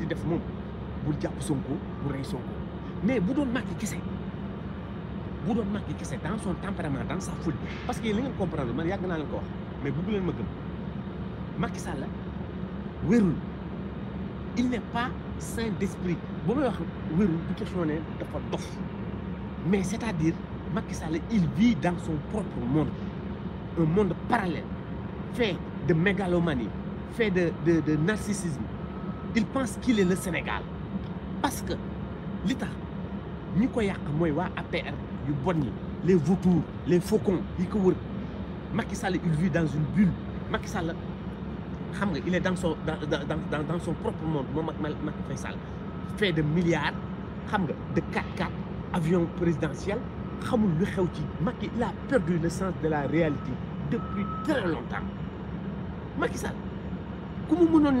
def bul jàpp Sonko bul rey Sonko mais bu doon Macky kese bu doon Macky c'est dans son tempérament dans sa foule parce que li incompréhensible, comprendre man yàgg naa leen ko wax mais bugg leen ma gëm Macky Sall wérul il n'est pas sain d'esprit bu wax wérul du question dafa dof mais c'est-à-dire Macky Sall il vit dans son propre monde un monde parallèle fait de mégalomanie fait de de de narcissisme il pense qu'il est le Sénégal parce que l'État nous croyons ko yàq APR les vautours les faucons les ko Macky Sall il vit dans une bulle Macky Sall il est dans son dans dans dans son propre monde moom Macky fait de milliards xam de 4 4 avions présidentiels. xamul lu xew il a perdu le sens de la réalité depuis très longtemps Macky Sall ku mu mënoon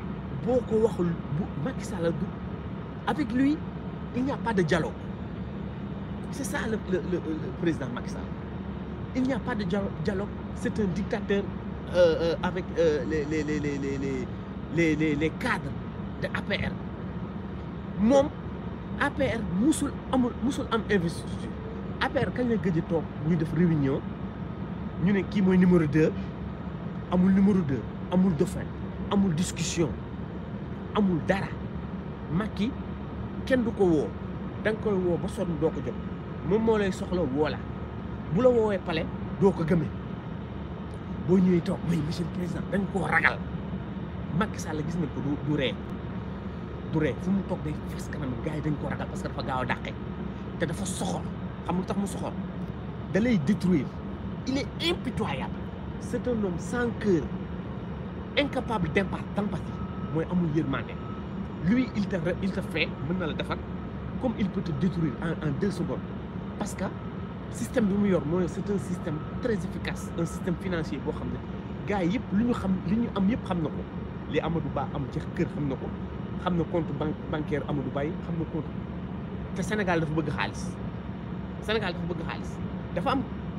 avec lui il n'y a pas de dialogue c'est ça le président Macky il n'y a pas de dialogue c'est un dictateur euh, euh, avec euh, les les les les les les cadres de APR APR musul am investiture APR quand il y a réunion nous numéro 2 amul numéro 2 amul discussion. amul dara Macky kenn du ko woo da koy woo ba sonn doo ko jot moom moo lay soxla woo la bu la woowee pale doo ko gëmee boo ñëwee toog may monsieur le président dañ koo ragal Macky Sall gis nañ ko du du ree du ree fu mu toog day fas kanam gars yi dañ ko ragal parce que dafa gaaw a dàqe te dafa soxor xam lu tax mu soxor dalay lay détruire il est impitoyable c'est un homme sans cœur incapable d'impact d'empathie moy amul yërmande lui il te il te fait mën na la defar comme il peut te détruire en en deux secondes parce que système bi mu yor moy c'est un système très efficace un système financier bo xamné ne gars yëpp lu ñu xam liñu am yëpp xam na li Amadou Ba am ci kër xam na compte banque bancaire Amadou Ba xamna compte te Sénégal dafa bëgg xaalis Sénégal dafa bëgg xaalis dafa am.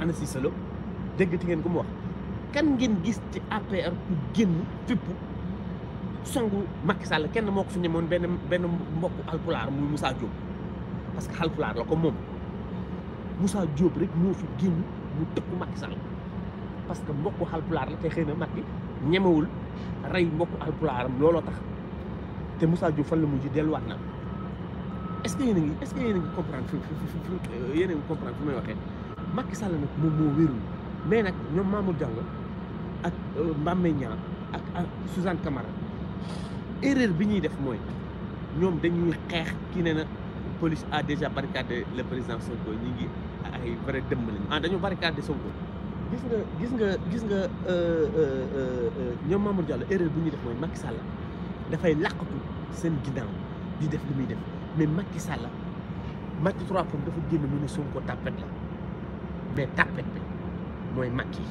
Anna Cissé Lo déggati ngeen ko mu wax kenn ngeen gis ci APR ku génn fipp songu Macky Sall kenn moo ko fi ñemoon benn benn mbokku alpulaar muy Moussa Diop parce que alpulaar la ko moom Moussa jóob rek moo fi génn mu tëkku Macky Sall parce que mbokku xalpulaar la te xëy na Macky ñemewul rey mbokku alpulaaram looloo tax te Moussa Diop fan la mujj delluwaat na est-ce a ngi est-ce que yéen a ngi comprendre fi fi fi yéen a fi may waxee. makki Sall nag moom moo wérul mais nag ñoom Mamour Diallo ak euh, Mbamme Niang ak ak Suzanne Camara bi ñuy def mooy ñoom dañuy xeex ki ne na police à déjà barricadé le président Sonko ñi ngi ay vrai dëmm lañu ah dañu barricadé Sonko gis nga gis nga gis nga euh, euh, ñoom Mamour Diallo erreur bi ñuy def mooy Macky Sall dafay làqatu seen ginnaaw di def li muy def mais Macky Sall Macky 3 pour dafa génn mu ne Sonko tàppet la mais tàppet bi mooy Macky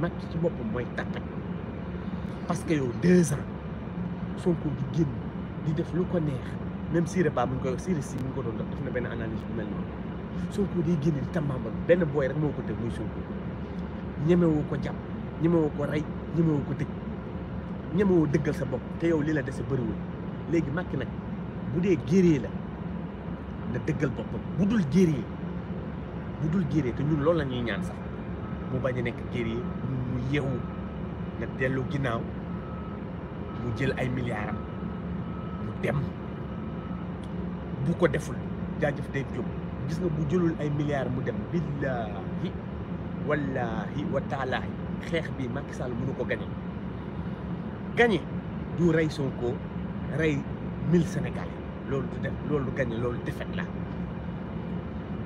Macky ci boppam mooy tàppet parce que yow deux ans Sonko di génn di def lu ko neex même Siré Ba mu ko koy Siré si mu ngi ko doon def na benn analyse bu mel noonu Sonko day génn benn booy rek moo ko tëj muy Sonko ñemewoo ko jàpp ñemewoo ko rey ñemewoo ko tëj ñemewoo dëggal sa bopp te yow lii la dese bëriwul léegi Macky nag bu dee guerrier la na dëggal boppam bu dul guerrier bu dul géer te ñun loolu la ñuy ñaan sax mu bañ a nekk géer yi mu yeewu na dellu ginnaaw mu jël ay milliards mu dem bu ko deful jaajëf day jóg gis nga bu jëlul ay milliards mu dem billaahi wallaahi wa xeex bi Macky Sall mënu ko gañe gañe du rey Sonko rey mille Sénégalais loolu du def loolu gañe loolu defet la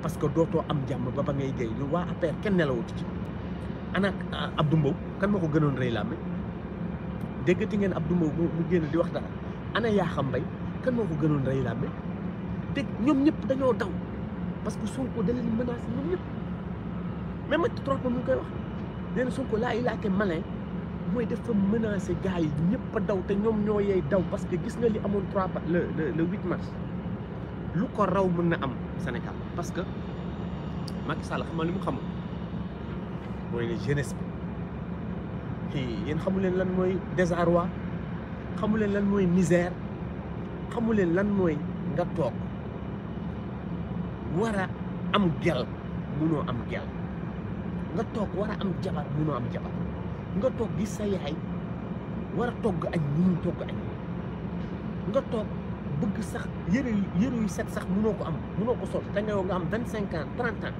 parce que dootoo am jàmm ba ba ngay dee lu waa APR kenn nelawatu ci ana ah, Abdou Mbow kan ma ko gënoon rëy làmme déggati ngeen Abdou Mbow mu génn di wax dara ana Yakham Mbaye kan ma ko gënoon rëy làmme te ñoom ñëpp dañoo daw parce que Sonko da leen menacé ñoom ñëpp même ma trop mu ngi koy wax nee na Sonko laa ilaate malin mooy dafa menacé gars yi ñëpp a daw te ñoom ñoo yey daw parce que gis nga li amoon trois le le le huit mars. lu ko raw mën na am Sénégal parce que Macky Sall xam li mu xam mooy ne jeunesse bi xamu leen lan mooy désarroi xamu leen lan mooy misère xamu leen lan mooy nga toog war a am gel am gel nga toog war am jabar munoo am jabar nga toog gis sa yaay war togg añ munoo togg añ nga toog. bëgg sax yëre yu yëre yu set sax mënoo ko am mënoo ko sol te nga nga am 25 ans 30 ans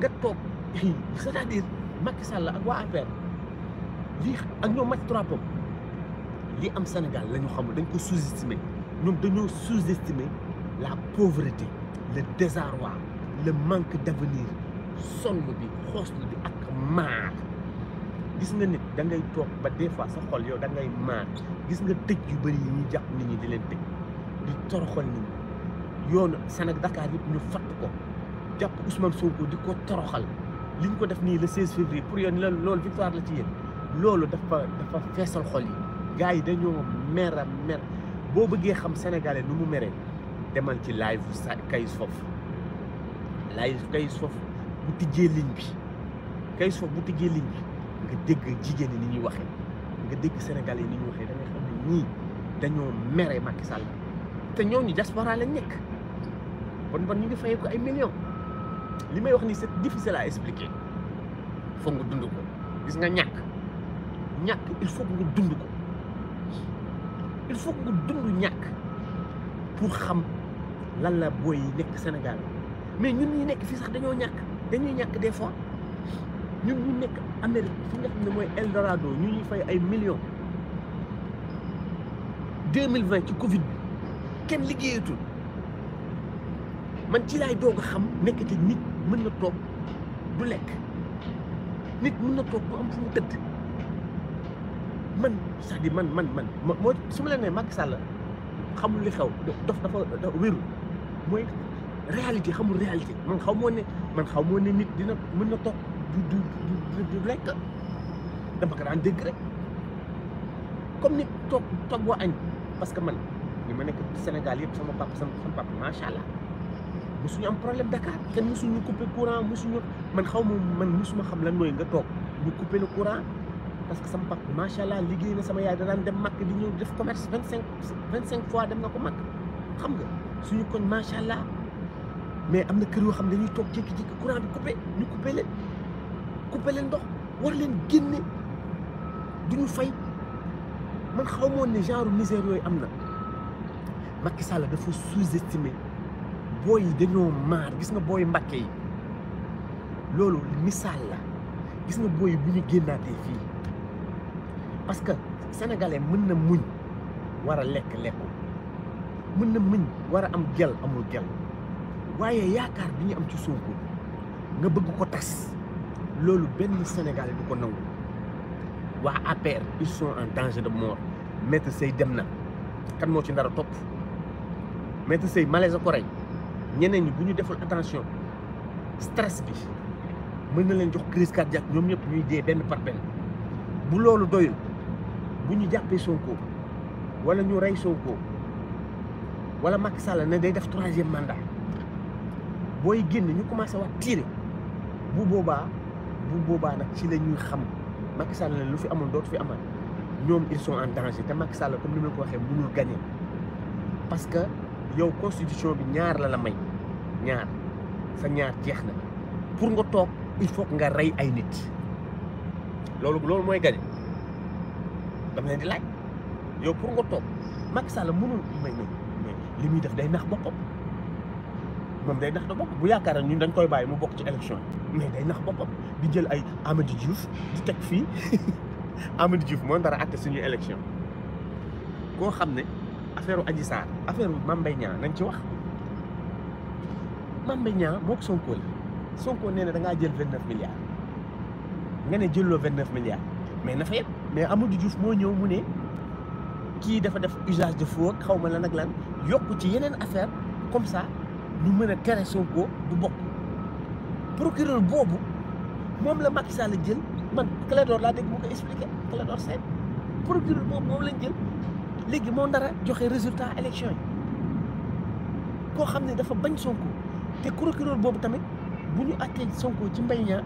nga toog <laughs> c'est-à-dire Macky Sall ak waa APR lii ak ñoom Macky trois pommes li am Sénégal la ñu xamul dañ ko sous-estimer ñoom dañoo sous-estimer la pauvreté le désarroi le manque d'avenir sonn bi xooslu bi ak maar gis nga nit da ngay toog ba des fois sa xol yow da ngay maar gis nga tëj yu bëri yi ñuy jàpp nit ñi di leen tëj di toroxal nit ñi yoonu Sénégal Dakar yëpp ñu fatt ko jàpp Ousmane Sonko di ko toroxal li ñu ko def nii le 16 février pour yéen loolu victoire la ci yéen loolu dafa dafa feesal xol yi gars yi dañoo mer a mer boo bëggee xam sénégalais nu mu meree demal ci live sa Kayz Fof live Kayz Fof bu tijjee ligne bi Kayz Fof bu tijjee ligne bi nga dégg jigéen ñi ni ñuy waxee nga dégg sénégalais yi ni ñuy waxee da nga xam ne ñii dañoo mere Macky Sall te ñooñu diaspora la nekk bon bon ñu ngi fayee ay millions li may wax ni c'est difficile à expliquer foog nga dund ko gis nga ñak ñak il faut nga dund ko il faut nga dund ñak pour xam lan la boy yi nekk Sénégal mais ñun ñi nekk fi sax dañoo ñàkk dañuy ñak des fois ñun ñu nekk Amérique fi nga xam ne mooy Eldorado ñu ñuy fay ay millions 2020 ci Covid bi. kenn liggéeyatul man ci laay doog xam nekkati nit mën na toog du lekk nit mën na toog du am fu mu tëdd man cest à man man man moo su ma leen mag Macky xamul li xew dof dafa dafa wéru mooy réalité xamul réalité man xaw moo ne man xaw moo ne nit dina mën na toog du du du lekk dama ko daan dégg rek comme nit toog toog boo añ parce que man. ñi ma nekk Sénégal yëpp sama papa sama sama papa macha allah mosuñu am problème Dakar kenn mosuñu coupé courant mosuñu man xaw ma man suma xam lan mooy nga toog ñu coupé le courant parce que sama papa macha allah liggéey na sama yaay da daan dem Makk di ñëw def commerce vingt cinq vingt cinq fois dem na ko Makk xam nga suñu koñ macha allah mais am na kër yoo xam ne dañuy toog jékki-jékki courant bi coupé ñu coupé leen coupé leen ndox war leen génne duñu fay man xaw ma woon ne genre misère yooyu am na. Macky Sall dafa sous-estimé Boy, dañoo maar gis nga boy Mbacké yi loolu misaal la nga boy bu parce que sénégalais mën na muñ war a lekk lekku na muñ am gel amul gel waaye yaakaar am ci nga bëgg ko sénégalais du ko nangu ils sont en danger de mort maître say dem na kan ci maître sëy malaise ko rey ñeneen yi bu ñu deful attention stress bi mën na leen jox crise cardiaque ñoom ñëpp ñuy dee benn par benn bu loolu doyul bu ñu jàppee Sonko wala ñu rey Sonko wala Macky Sall ne day def troisième mandat booy génn ñu commencé wax tiire bu boobaa bu boobaa nag ci la ñuy xam Macky Sall ne lu fi amoon dootu fi amal ñoom ils sont en danger te Macky Sall comme ni ma ko waxee mënul gagner parce yow constitution bi ñaar la la may ñaar sa ñaar jeexna pour nga tok il faut nga ray ay nit lolu lolu moy gañe dama len di laaj yow pour nga toog Macky Sall mënul may may limi def day nax boppam mom day nax da bokk bu yakkar ñun dañ koy baye mu bokk ci election mais day nax di jël ay amadou Diouf di tek fi <laughs> amadou Diouf mo dara acte suñu election ko xamne affaire Adji Sarr affaire Mame Mbaye Niang nañ ci wax Mame Mbaye Niang moog Sonko la Sonko nee na jël vingt neuf milliards nga ne jëlloo vingt neuf milliards mais na fa mais Amadou Diouf moo ñëw mu ne kii dafa def usage de faux xaw ma lan ak lan yokk ci yeneen affaire comme sax ñu mën a tere Sonko du bokk procureur boobu moom la Macky Sall jël man Clédor laa dégg mu ko expliqué Clédor Sène procureur boobu moom lañ jël. léegi moo nar a joxe résultat élection yi koo xam ne dafa bañ Sonko te procureur boobu tamit bu ñu àttee Sonko ci mbay ñaa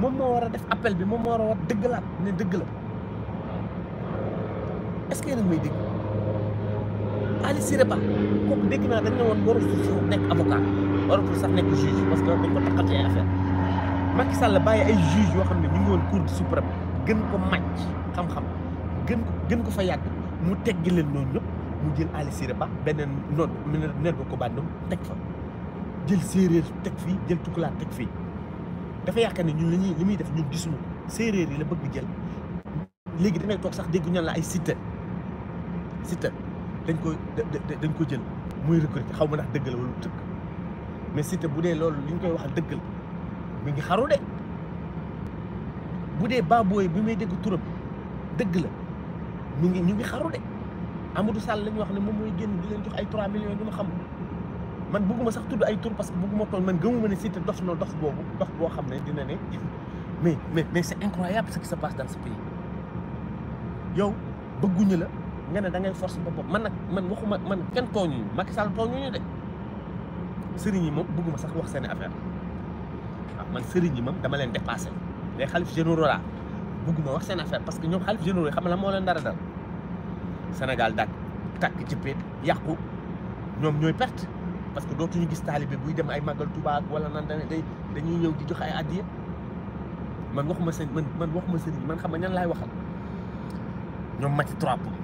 moom moo war a def appel bi moom moo war a war dëggalaat ne dëgg la est-ce que yéen may dégg Ali Siré Ba kooku dégg naa dañ ne woon waratul sax nekk avocat waratul sax nekk juge parce que dañ ko takkal ci ay affaire Sall bàyyi ay juge yoo xam ne ñu ngi woon cour suprême gën ko màcc xam-xam ko gën ko fa yàgg mu teggi leen noonu lépp mu jël Ali Siré Ba beneen noonu ner ba ko bandum teg fa jël séeréer teg fii jël tukulaat teg fii dafa yaakaar ne ñun li ñuy li muy def ñun gisuñu séeréer yi la bëgg jël léegi dangay toog sax dégg ñan la ay site site dañ ko dañ ko jël muy recruter xaw ma ndax dëgg la wala dëgg mais site bu dee loolu li ñu koy waxal dëgg la mi ngi xaru de bu dee baabooy bi may dégg turam dëgg la ñu ngi ñu ngi xaru de Amadou Sall lañ wax ne moom moy genn di leen jox ay 3 millions yu ma xam man bëgguma sax tuddu ay tour parce que bëgguma toon man gëmuma ne cité dox na dox bobu dox bo xamne dina ne mais mais mais c'est incroyable ce qui se passe dans ce pays yow bëgguñu la nga ne da ngay force boppam man nak man waxuma man ken toñu Macky Sall toñu ñu de sëriñ yi moom bëgguma sax wax seen affaire waaw man sëriñ yi moom dama leen dépasser les xalif généraux la bëgguma wax seen affaire parce que ñom xalif généraux xam la mo leen dara dal Sénégal daal tàkk jëppee yàqu ñoom ñooy perte parce que dootuñu gis taalibe buy dem ay màggal Tuubaa wala nan day dañuy ñëw di jox ay addiya man waxuma sëñ man man waxuma sëriñ man xam nga ñan laay waxal ñoom Mati Trois Pommes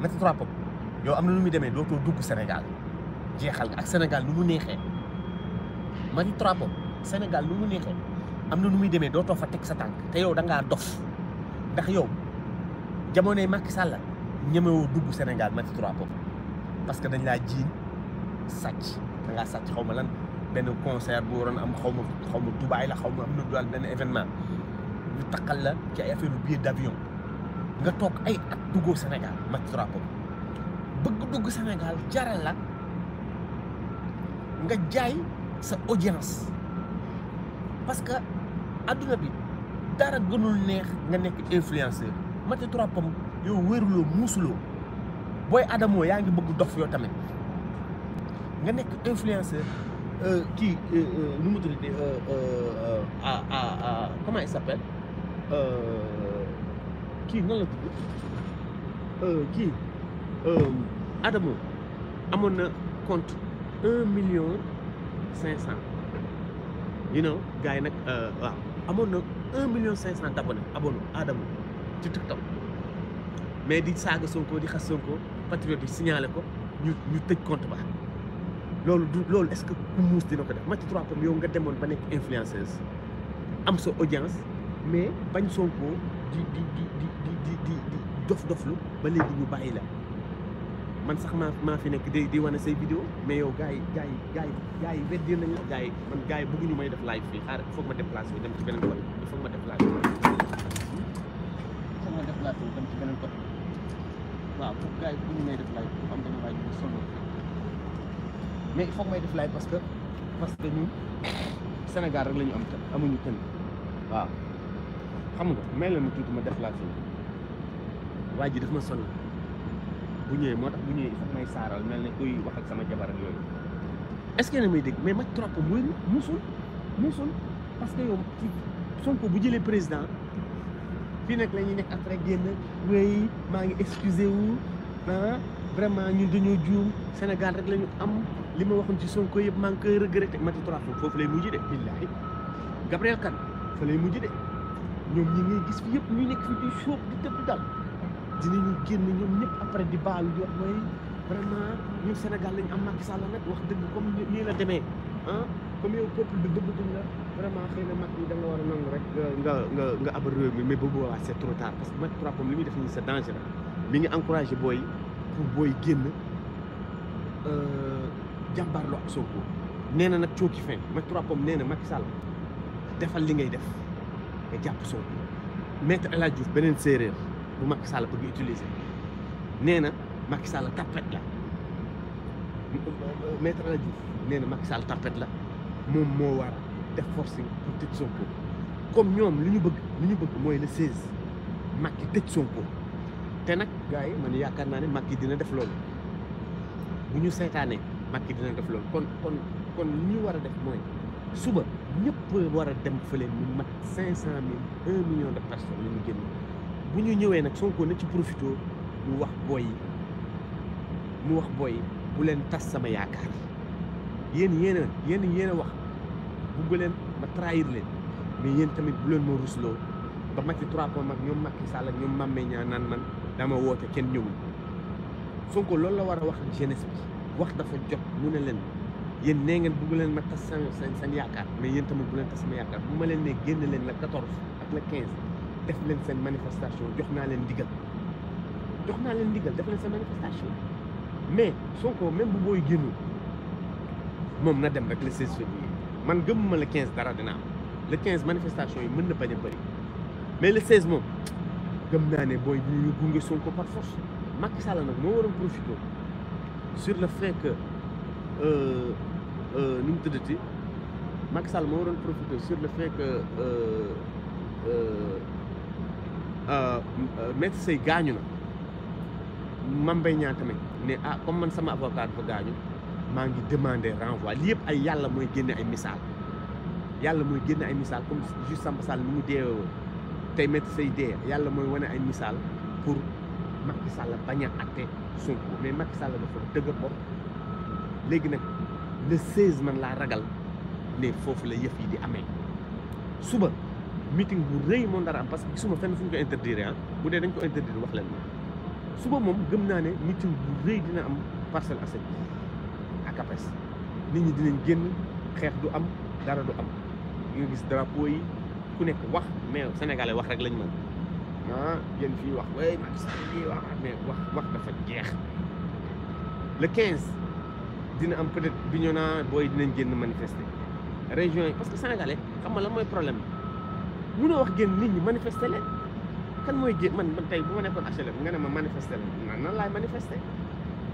Mati Trois Pommes yow am na nu muy demee dootoo dugg Sénégal jeexal ak Sénégal mu neexee Mati Trois Pommes Sénégal nu am na nu muy demee dootoo fa teg sa tànk te yow dangaa ngaa dof ndax yow jamonoy Macky sàlla ñemewoo dugg Sénégal Maty trois Pop parce que dañ laa jiiñ sàcc da ngaa sàcc xaw ma lan benn concert bu waroon am xaw ma xaw ma Dubaay la xaw ma am na daal benn événement ñu taqal la ci ay affaire billet d'avion nga toog ay at duggoo Sénégal Maty trois Pop bëgg dugg Sénégal jaral la nga jaay sa audience parce que adduna bi dara gënul neex nga nekk influenceur Maty trois Pop yow wéruloo muusuloo booy o yaa ngi bëgg dof yow tamit nga nekk influenceur eh, kii eh, eh, nu mu tuddati é ah comment il s'appelle kii nan la Adamo a na compte un million cinq cent you know gars yi nag waaw amoon na un million cinq cent d'abonnés abonné Adamo oh, ci TikTok mais di saaga Sonko di xas Sonko patriote yi ko ñu ñu tëj compte ba loolu du loolu est-ce que ku muus dina ko def Maty yow nga demoon ba nekk influenceuse am sa audience mais bañ Sonko di di di di di ba léegi ñu bàyyi la man sax maa maa fi nekk de di wane say vidéo mais yow gars yi gars gaay gars yi gars yi weddi nañ la gars yi man gars yi bëgguñu may def live fii xaaral foog ma déplacé wu dem ci beneen côté foog ma déplacé dem ci beneen côté. waaw pour gars yi bu may def laay bu am ñu sonal mais il faut may def live parce que parce que ñun Sénégal rek lañu am tam amuñu kenn waaw xam nga may la ma tuuti ma def live waa ji daf ma solo bu ñëwee moo tax bu ñëwee il faut may saaral mel ne kuy wax ak sama jabar ak yooyu est-ce que na may dégg mais ma trop mooy musul musul parce que yow Sonko bu jëlee président fii nag la ñuy nekk après génn wéy maa ngi excusé wu ah, vraiment ñun dañoo juum Sénégal rek la am li ma waxoon ci Sonko yëpp maa ngi koy regretté Mati Touré foofu lay mujj de billahi Gabriel Kane fa lay mujj de ñoom ñi ngay gis fi yëpp ñuy nekk fi di sóob di tëb dal dinañu génn ñoom ñëpp après di baalu di wax mooy vraiment ñun Sénégal la am Macky Sall nag wax dëgg comme nii la demee ah comme yow peuple bi bëgg la. vraiment xëy na mag bi da a nangu rek nga nga nga abar réew mi mais bu boobaa c'est trop tard parce que mag trois pommes li muy def nii c'est dangereux mi ngi encouragé booy pour booy génn euh, jàmbaarloo ak Sonko nee na nag cooki fin mag trois pommes nee na Macky Sall defal li ngay def nga jàpp Sonko maître El Hadj Diouf beneen séeréer bu Macky Sall bëgg utiliser nee na Macky Sall tapet la euh, euh, maître El na Macky Sall tapet la moom moo war def forcing pour tëj Sonko comme ñoom li ñu bëgg li ñu bëgg mooy le 16 Macky tëj Sonko te nag gars yi man yaakaar naa ne ki dina def loolu bu ñu seetaanee ki dina def loolu kon kon kon li ñu war a def mooy suba ñëpp war a dem fa fële mu mat cinq cent mille un million de personnes la ñu bu ñu ñëwee nag Sonko na ci profité mu wax booy yi mu wax booy yi bu leen tas sama yaakaar yéen yéen a yéen yéen a wax bugg leen ba trahir leen mais yéen tamit bu leen ma rusloo ba Macky trois points mag ñoom Macky Sall ak ñoom Mame Niang naan man dama woote kenn ñëwul Sonko loolu la war a wax ak jeunesse wax dafa jot mu ne leen yéen nee ngeen bugg leen ma tas seen seen yaakaar mais yéen tamit bu leen tas sama yaakaar bu ma leen ne génn leen la quatorze ak la quinze def leen seen manifestation jox naa leen ndigal jox naa leen ndigal def leen seen manifestation mais Sonko même bu booy génnul moom na dem rek le 16 man gëmuma le 15 dara dina am le 15 manifestation yi mën na bañ a bëri mais le 16 moom gëm naa ne booy ñu gunge ko par force Macky Sall nag moo waroon profité sur le fait que euh, euh, nu mu tëddati Macky Sall moo waroon profité sur le fait que euh, maître Seye gaañu na Mame Mbaye ñaan tamit ne ah comme man sama avocat dafa gaañu. maa ngi demander renvoi li yëpp ay yàlla mooy génne ay misaal yàlla mooy génne ay misaal comme juste Samba Sall ni mu dee tey métti say dee yàlla mooy wane ay misaal pour Macky Sall bañ a atte Sonko mais Macky Sall dafa dëgg ko léegi nag le 16 man laa ragal ne foofu la yëf yi di amee suba meeting bu rëy moo dara am parce que gisuma fenn fu ñu ko interdire ah bu dee dañ ko interdire wax leen suba moom gëm naa ne meeting bu rëy dina am Parcelles Assainies CAPES nit ñi dinañ genn xex du am dara du am ñu gis drapeau yi ku nekk wax mais sénégalais wax rek lañ mën ah genn fi wax way Macky Sall lii wax mais wax wax dafa jeex le 15 dina am peut-être Bignona boy dinañ genn manifester région parce que sénégalais xam nga lan moy problème bi wax genn nit ñi manifester leen kan moy man man tay buma nekkon nekkoon HLM nga ne ma manifester nan lay manifester.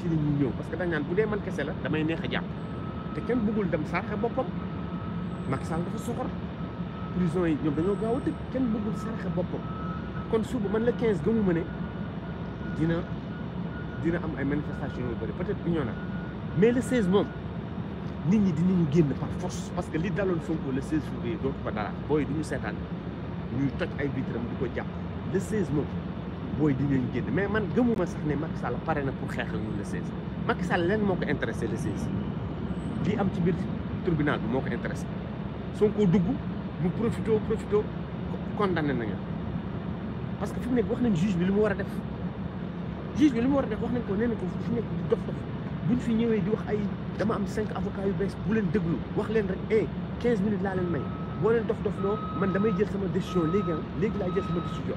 ci la ñëw parce que dañ naan bu dee man kese la damay neex a jàpp te kenn bëggul dem saraxe boppam Macky Sall dafa soxor prison yi ñoom dañoo gaaw a tëj kenn bëggul saraxe boppam kon suba man la 15 gëmu ma ne dina dina am ay manifestations yu bëri peut-être ñoo na mais le 16 moom nit ñi dinañu génn par force parce que li daloon Sonko le 16 février dootu ko dara booy du ñu seetaan ñuy toj ay vitram di ko jàpp le 16 moom. booy dinañ génn mais man gëmuma sax ni Macky Sall pare na pour xeex ak ñun le 16 Macky Sall leen moo ko intéressé le 16 lii am ci biir tribunal bi moo ko intéressé Sonko dugg mu profito profito condamné nañu parce que fi mu nekk wax nañ juge bi li mu war a def juge bi li mu war a def wax nañ nee na ko fi nekk di dof fi ñëwee di ay dama am cinq avocats yu bu leen déglu wax leen rek eh, quinze minutes laa leen may boo leen dof dof loo man damay jël sama décision léegi ah, léegi laay jël sama décision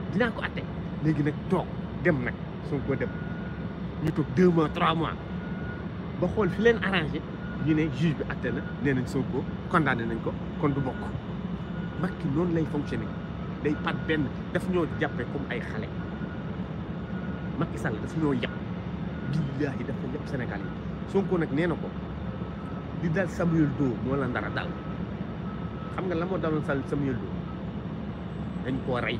dinaa ko atte léegi nag toog dem nag Sonko dem ñu toog deux mois trois mois ba xool fi leen arrangé ñu ne juge bi atte na nee nañ Sonko condamné nañ ko kon du bokk Macky noonu lay fonctionné day pat benn daf ñoo jàppe comme ay xale Macky Sall daf ñoo yàpp billaahi dafa yàpp Sénégal yi Sonko nag nee na ko di daal Samuel doo moo la ndara dal xam nga la moo daloon Samuel Doe dañ koo rey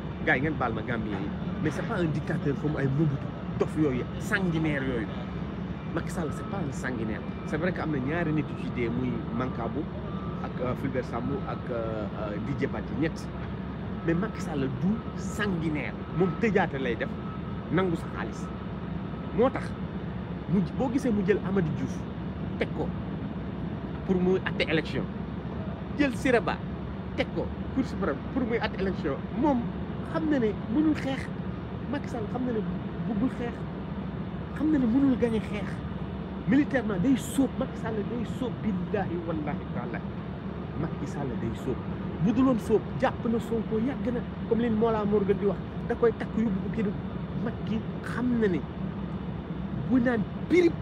gars yi ngeen baal ma Gambie yi mais c' est pas un dictateur comme ay Mobutu dof yooyu sanguinaire yooyu Macky Sall c' est pas un sanguinaire c' est vrai am na ñaari nit yu ci dee muy Mankabou ak euh, Fulbert Sambou ak euh, euh, Didier Badji ñett mais Macky Sall du sanguinaire moom tëjaate lay def nangu sa xaalis moo tax mu boo gisee mu jël amadi Diouf teg ko pour muy atte élection jël Siraba teg ko pour pour muy atte élection moom. xam na ne mënul xeex Macky Sall xam na ne bëggul xeex xam na ne mënul gañe xeex militairement day sóob Macky Sall day sóob billahi wallahi taala Macky Sall day sóob bu duloon sóob jàpp na Sonko yàgg na comme leen Mollah Morgun di wax da koy takk yóbbu bu kii Macky xam na ne bu naan pirip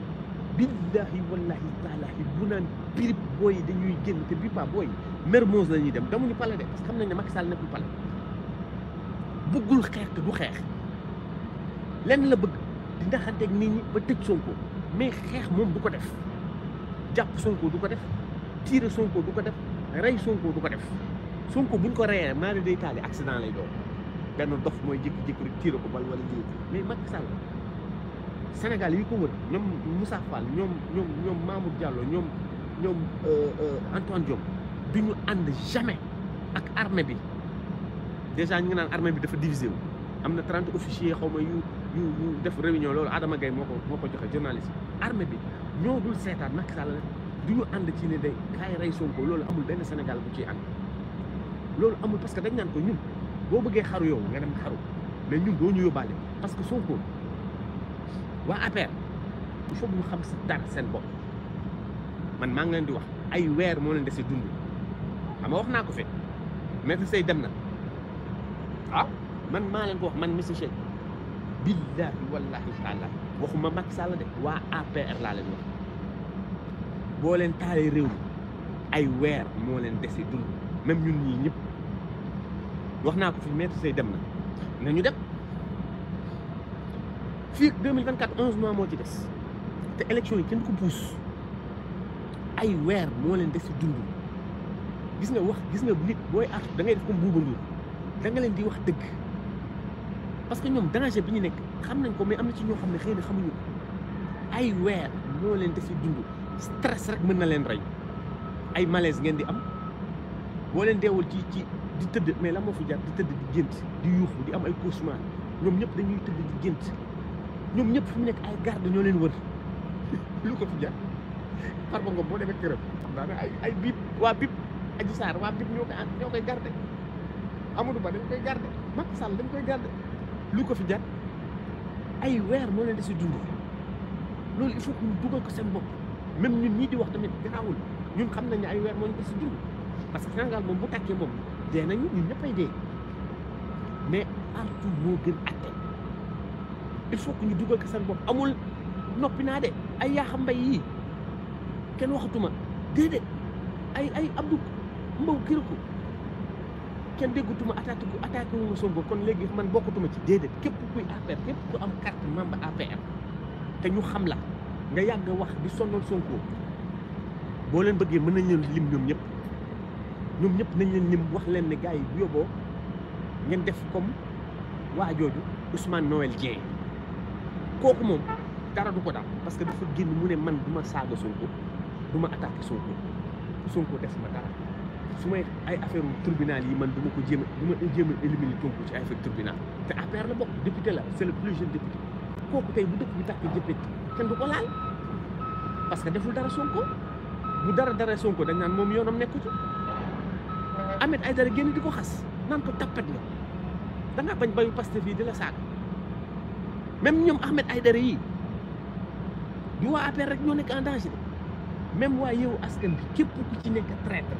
billahi wallahi taalahi bu naan pirip booy dañuy génn te bi pa booy Mermoz la ñuy dem damuñu pale de parce que xam nañ ne Macky Sall nekkul pale bëggul xeex te du xeex lenn la bëgg di ndaxanteeg nit ba tëj Sonko mais xeex moom du ko def jàpp Sonko du ko def tiire Sonko du ko def rey Sonko du ko def Sonko buñ ko reyee maa ngi day taali accident lay doon benn dof mooy jékki-jékki rek ko bal wala jiw mais Macky Sall Sénégal yi ko wër ñoom Moussa Fall ñoom ñoom ñoom Mamour ñoom ñoom euh, euh, Antoine Diome du ñu ànd jamais ak armée bi. dèjà ñu ngi naan armée bi dafa divisé am na 30 officiers xaw ma yu yu yu def réunion loolu Adama Gaye moo ko moo ko joxe journaliste armée bi ñoo dul seetaan Macky Sall du ñu ànd ci ne day kaay rey Sonko loolu amul benn Sénégal bu ciy ànd loolu amul parce que dañ naan ko ñun boo bëggee xaru yow nga dem xaru mais ñun doo ñu yóbbaale parce que Sonko waa APR il faut ñu xam si dara seen bopp man maa ngi leen di wax ay weer moo leen de see dund xam wax naa ko fi maître Seye dem na. ah man maa leen ko wax man Mister Shake billahi wallahi taala waxuma Macky Sall de waa APR laa leen wax boo leen taalee réew mi ay weer moo leen dese dund même ñun ñii ñëpp wax naa ko fi maître Seye dem na nañu dem fii 2024 11 mois moo ci des te élection yi kenn ko puus ay weer moo leen dese dund gis nga wax gis nga nit booy artu da ngay def comme buuba nduur da leen di wax dëgg parce que ñoom danger bi ñu nekk xam nañ ko mais am na ci ñoo xam ne xëy na xamuñu ko ay weer ñoo leen def si dund stress rek mën na leen rey ay malaise ngeen di am boo leen deewul ci ci di tëdd mais la moo fi jaar di tëdd di gént di yuuxu di am ay cauchemar ñoom ñëpp dañuy tëdd di gént ñoom ñëpp fi mu nekk ay garde ñoo leen wër <laughs> lu ko fi jaar par ngoom boo demee këram xam naa ne ay ay bip waa bip aji saar waa bip ñoo koy ñoo koy garde Amadou Ba dañ koy garder Macky Sall dañ koy garder lu ko fi jar ay weer moo leen di si dund loolu il faut ñu dugal ko seen bopp même ñun ñii di wax tamit garaawul ñun xam nañ ay weer moo ñu ko si dund parce que Sénégal moom bu tàkkee moom dee nañu ñun ñëppay dee mais partout moo gën atte il faut ñu dugal ko seen bopp amul noppi naa de ay yaaxa mbay yii kenn waxatuma de ay ay Abdou Mbow Kiriko kenn déggatuma attaqué ku attaqué wu ma kon léegi man bokkatuma ci déedéet képp kuy APR képp ku am carte membre APR te ñu xam la nga yàgg wax di sonal Sonko boo leen bëggee mën nañ leen lim ñoom ñëpp ñoom ñëpp nañ leen lim wax leen ne gars yi bu yóbboo ngeen def comme waa jooju Ousmane Noël Dieng kooku moom dara du ko daal parce que dafa génn mu ne man du ma saaga Sonko du ma attaqué Sonko Sonko def ma dara. su may ay affaire tribunal yi man du ko jéem a du ma jéem a éliminer Sonko ci ay affaire tribunal te APR la bokk député la c' est le plus jeune député kooku tey bu dëkk bi tàkk jëppee kenn du ko laal parce que deful dara ko bu dara dara Sonko dañ naan moom yoonam nekku ci Ahmed Aïdara génn di ko xas naan ko tappat nga da bañ bayu Pastef yi di la saag même ñoom ay Aïdara yi du waa APR rek ñoo nekk en danger même waa yow askan bi képp ku ci nekk traître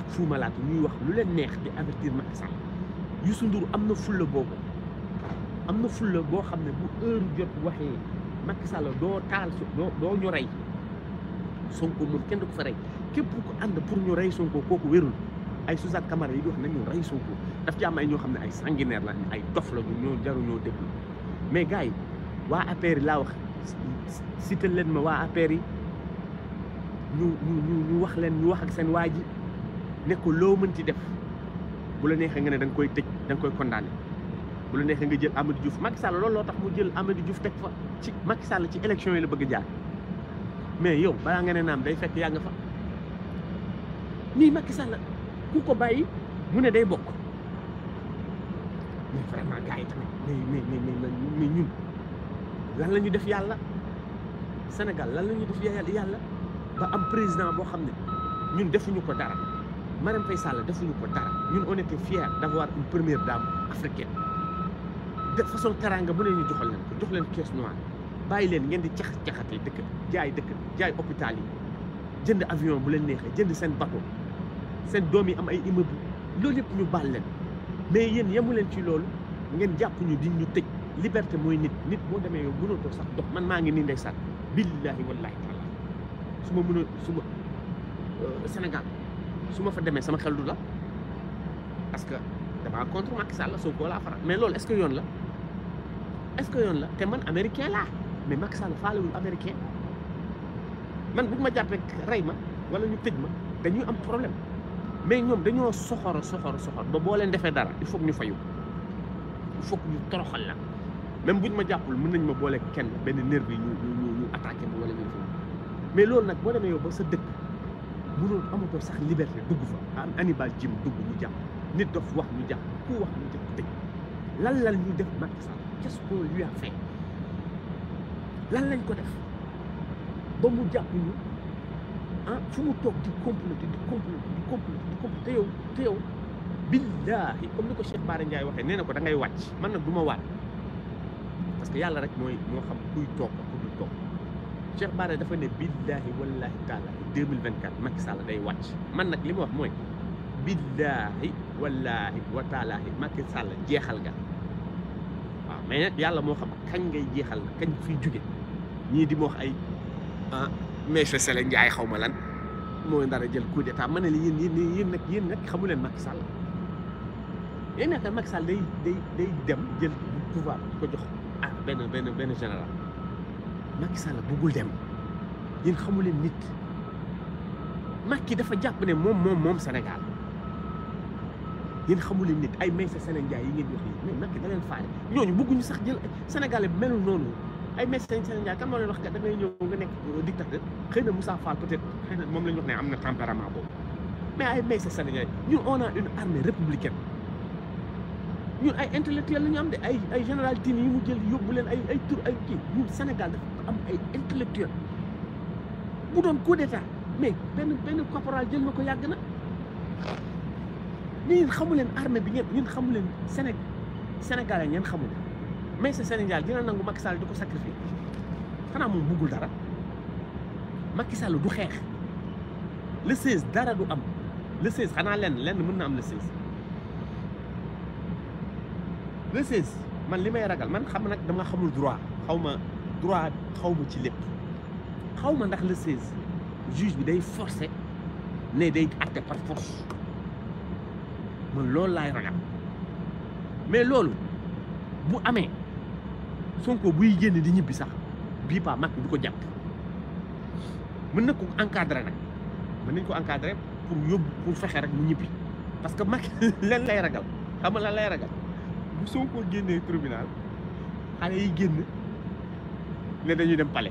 ak Fou Malade ñuy wax lu leen neex di avertir Macky Sall Youssou Ndour am na fulla boobu am na fulla boo xam ne bu heure jot waxee Macky Sall doo taal doo doo ñu rey Sonko moom kenn du ko fa rey képp ku ànd pour ñu rey Sonko kooku wérul ay Suzanne Camara yi di wax nañu rey Sonko daf ci am ay ñoo xam ne ay sanguinaire la ay dof la ñu ñoo jaru ñoo déglu mais gars yi waa APR yi laa wax cité leen ma waa APR yi ñu ñu ñu wax leen ñu wax ak seen waa ji ne ko loo mënti def bu la neexee nga ne da koy tëj da koy condamné bu la nga jël Amadou Diouf Macky lool loo tax mu jël Amadou juuf teg fa ci Macky Sall ci élection yi la bëgg jaar mais yow balaa nga ne naam day fekk yaa nga fa nii Macky Sall ku ko bàyyi mu ne day bokk mais vraiment gars yi tamit mais mais mais mais ñun lan la ñu def yàlla senegal lan la ñu def yàlla ba am président boo xam ne ñun defuñu ko dara. Marème Faye Sall defuñu ko dara ñun on était fiers d'avoir une première dame africaine de façon teranga bu ne ñu joxal leen ko jox leen caisse noire bàyyi leen ngeen di cax caxatee dëkk jaay dëkk jaay hôpital yi jënd avion bu leen neexee jënd seen bateau seen doom yi am ay immeuble loolu yëpp ñu baal leen mais yéen yemu leen ci loolu ngeen jàpp ñu di ñu tëj liberté mooy nit nit boo demee yow mënatoo sax dox man maa ngi nii ndeysaan billahi wallahi taala su ma mënoon su euh, Sénégal. su ma fa demee sama xel du la parce que damaa contre Macky Sall Sonko laa faral mais loolu est ce que yoon la est ce que yoon la te man américain là mais Macky Sall faalewul américain man bu ma jàppee rey ma wala ñu tëj ma dañuy am problème mais nous dañoo soxor soxor soxor ba bo leen defee dara il faut que ñu fayu il faut que ñu toroxal la même buñ ma jappul mën nañ ma boole kenn benn nerf yi ñu ñu ñu attaqué ma wala ñu mais loolu nak bo démé yow ba sa dëkk mënoon amatoo sax liberté dugg fa am animal jim dugg ñu nit dof wax ñu jàpp ku wax lan qu'est-ce qu'on lui a fait lan lañ ko def ba mu jàpp ñu ah fu mu toog di nous, di de di di comme Cheikh ko da ngay man parce que yàlla rek mooy moo xam kuy ku Cheikh dafa taala 2024 Macky Sall day wàcc man nag li ma wax mooy billaahi wallaahi wa taalaahi Macky Sall jeexal nga waaw mais nag yàlla moo xam kañ ngay jeexal nga kañ fiy jóge ñii di ma wax ay ah maître Sele Ndiaye xaw ma lan mooy ndara jël coup d'état ma ne la yéen yéen yéen nag yéen nag xamu leen Macky Sall yéen nag Macky Sall day day day dem jël pouvoir ko jox ah benn benn benn général Macky Sall bëggul dem yéen xamu leen nit. Macky dafa jàpp ne moom moom moom Sénégal yéen xamu leen nit ay Maysa Sene Ndiaye yi ngeen wax yi mais Macky ñooñu bëgguñu sax jël Sénégalais melul noonu ay Maysa Sene Ndiaye kan moo leen wax da ngay ñëw nga nekk dictateur xëy na Moussa Fall peut moom la ñu wax ne am na tempérament boobu mais ay Maysa Sene Ndiaye ñu on a une armée républicaine ñun ay intellectuels la ñu am de ay ay général Tine yi mu jël yóbbu leen ay ay tur ay kii ñun Sénégal dafa am ay intellectuels bu doon coup d'état mais benn benn caporal jël na ko yàgg na mais yéen xamu leen armée bi Sénégal dina nangu Macky Sall di ko sacrifier xanaa dara Macky Sall du xeex le 16 dara du man li dama xamul droit xaw ma droit xaw ma ci juge bi day forcé ne day atte par force man loolu laay ragal mais loolu bu amee Sonko buy génn di ñibbi sax bii paa mag du ko jàpp mën na ko encadré nag mën nañ ko encadré pour yóbbu pour fexe rek mu ñibbi parce que mag <laughs> lan lay ragal xam nga lan lay ragal bu Sonko génnee tribunal xale yi génn ne dañuy dem pale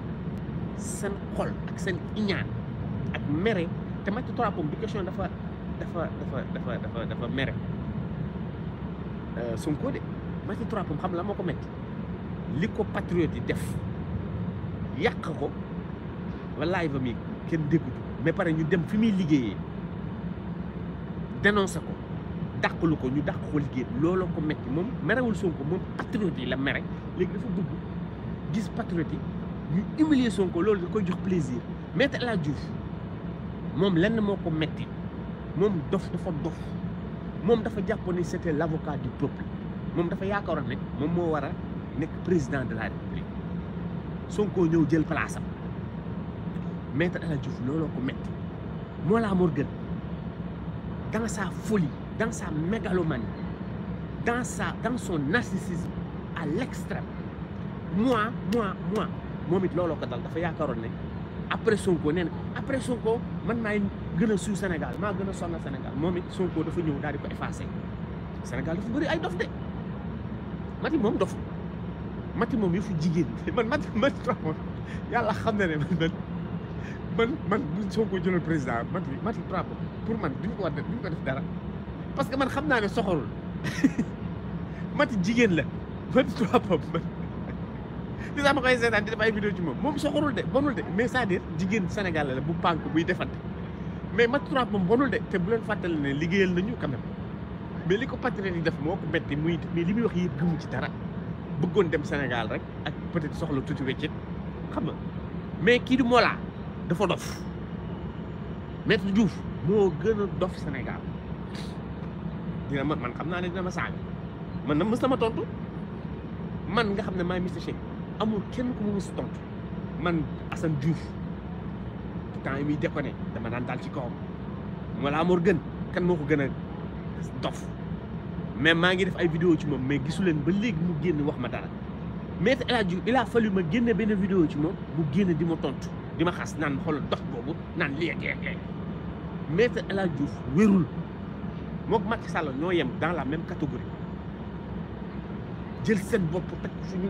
sen xol ak sen et ak mere te Maître Trois Pommes question dafa dafa dafa dafa dafa dafa euh Sonko de Maître Trois Pommes xam la moko metti liko patriote yi def yàq ko wallaay ba mais paré ñu dem fi muy liggéeyee dénoncé ko dàqalu ko ñu dàq xol gi ko metti patriote la mere légui dafa gis patriote humilier son loolu plaisir Maître la Diouf lenn metti dof c'était l'avocat du peuple Je dafa a ne président de la république Sonko a jël place Maître El Moi la dans sa folie dans sa mégalomanie dans sa dans son narcissisme à l'extrême moi moi moi moom it looloo ko dal dafa yaakaaroon ne après Sonko nee na après Sonko man maay gën a suu Sénégal maa gën a sonn Sénégal moom it Sonko dafa ñëw daal di ko effacé Sénégal dafa bëri ay dof de Mati moom dof Mati moom yëfu jigéen <laughs> man Mati man trop yàlla xam na ne man man man man bu Sonko jëloon président Mati Mati trop pour man duñ ko war def ko def dara parce que man xam naa me soxorul <laughs> Mati jigéen la Mati trop di sax ma koy seetaan di def ay vidéo ci moom moom soxorul de bonul de mais cest à jigéen Sénégal la bu pànk buy defante mais Maty Trois moom bonul de te bu leen fàttali ne liggéeyal nañu quand mais li ko patriote yi def moo ko metti muy mais li muy wax yëpp gëmu ci dara bëggoon dem Sénégal rek ak peut-être soxla tuuti weccit xam nga mais kii di mola dafa dof Maître Diouf moo gën a dof Sénégal dina ma man xam naa ne dina ma saaga man na mës sama ma tontu man nga xam ne maay Mister amul kenn ku ma mës tontu man Assane Diouf temps yi muy déconné dama naan daal ci kawam Mollah gën kenn moo ko gën a dof mais maa ngi def ay vidéo ci moom mais gisu leen ba léegi mu génn wax ma dara Maître El Hadj Diouf il ma génne benn vidéo ci moom mu génn di ma tontu di ma xas naan xoolal dof boobu naan lii ak lii Maître El Hadj Diouf wérul mook Macky Sall ñoo yem dans la même catégorie jël seen bopp teg suñu.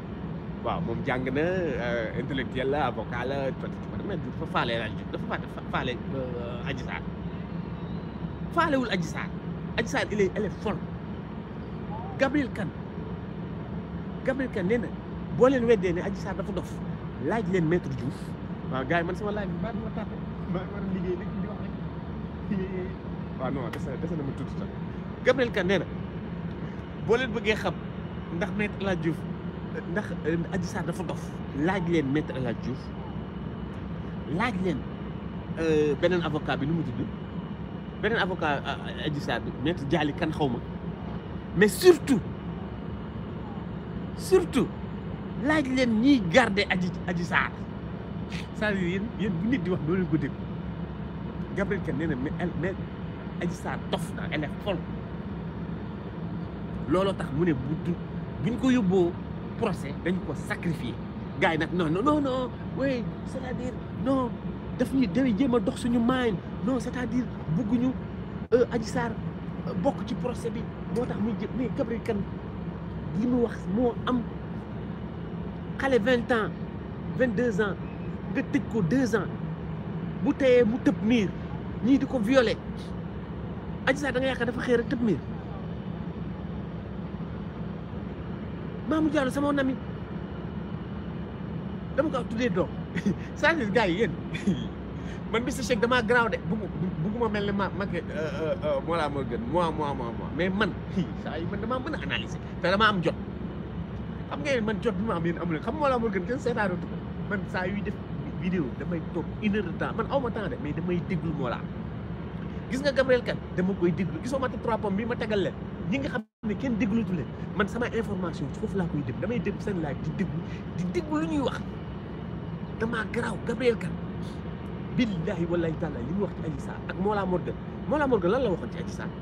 waaw moom jàng na euh, intellectuel la avocat la mais dafa faale laaj dafa faale euh, Adji faalewul Adji Sarr il est elle est Gabriel Kane Gabriel Kane nee boo leen weddee ne Adji dafa dof laaj leen maître Diouf waaw gars man sama laaj bi baax na ma tàppe maa a liggéey nag di wax rek waaw non dese dese na ma tuuti sax Gabriel Kane nee boo leen bëggee xam ndax maître la Diouf ndax euh, Adji Sarr dafa dof laaj leen maître El Hadj Diouf laaj leen euh, beneen avocat bi nu mu tudd beneen avocat euh, Adji Sarr bi maître Diali kan xaw ma mais surtout surtout laaj leen ñiy garder Adji Adji Sarr c'est-à-dire yéen bu nit di wax doo leen ko dégg Gabriel Kane nee na mais mais Adji Sarr dof na elle est folle looloo tax mu ne bu buñ ko yóbboo. procès dañ ko sacrifier gars yi nag non non non non oui c'est-à-dire non daf a dox suñu maañ non c'est-à-dire bugguñu euh, Adji Sarr euh, bokk ci procès bi moo tax muy jë mais Kabri Kane li mu wax moo am xale vingt ans vingt deux ans nga tëj ko deux ans bu teyee mu tëb miir ñii di ko violé Adji Sarr da nga yaakaar dafa xëy rek tëb miir Mamu Jalo sama onami. ami ka tudé do. doom c'est-à-dire gars yi yéen man Mister Shake damaa garaaw de bugg bugguma ma ne ma euh moo laa moo gën mo moi moi moi mais man saa <laughs> yi man dama mëna analyser té dama am jot xam nga man jot bi ma am yeen amul xam moo la mo gën kenn seetaanatu ko man sa yuy def vidéo damay top une heure de temps man awma ma temps de mais damay déglu moo la. gis nga Gabriel kan dama koy déglu gisoma té trois pommes bi ma tégal lé ñi nga xam ne kenn déglatu leen man sama information foofu laa koy dem damay dem seen laa di déglu di déglu yu ñuy wax damaa garaaw Gabriel Kane billahi wallahi taala li mu wax ci Adji Sarr ak Mollah Morgan Mollah Morgan lan la waxoon ci Adji Sarr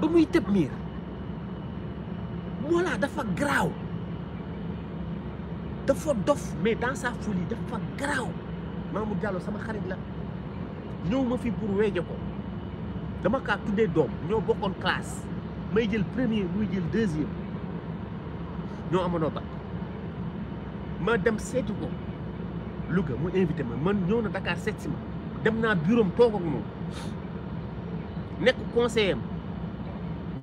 ba muy tëb miir Mollah dafa garaaw dafa dof mais dans sa folie dafa garaaw Mamour Diallo sama xarit la ñëw ma fi pour weeje ko dama kaa tuddee doom ñoo bokkoon classe may jël premier muy jël deuxième ñoo amoonoo bac ma dem seeti ko Louga mu invité ma man ñëw na Dakar seet si ma dem naa bureau am toog ak moom nekk conseiller am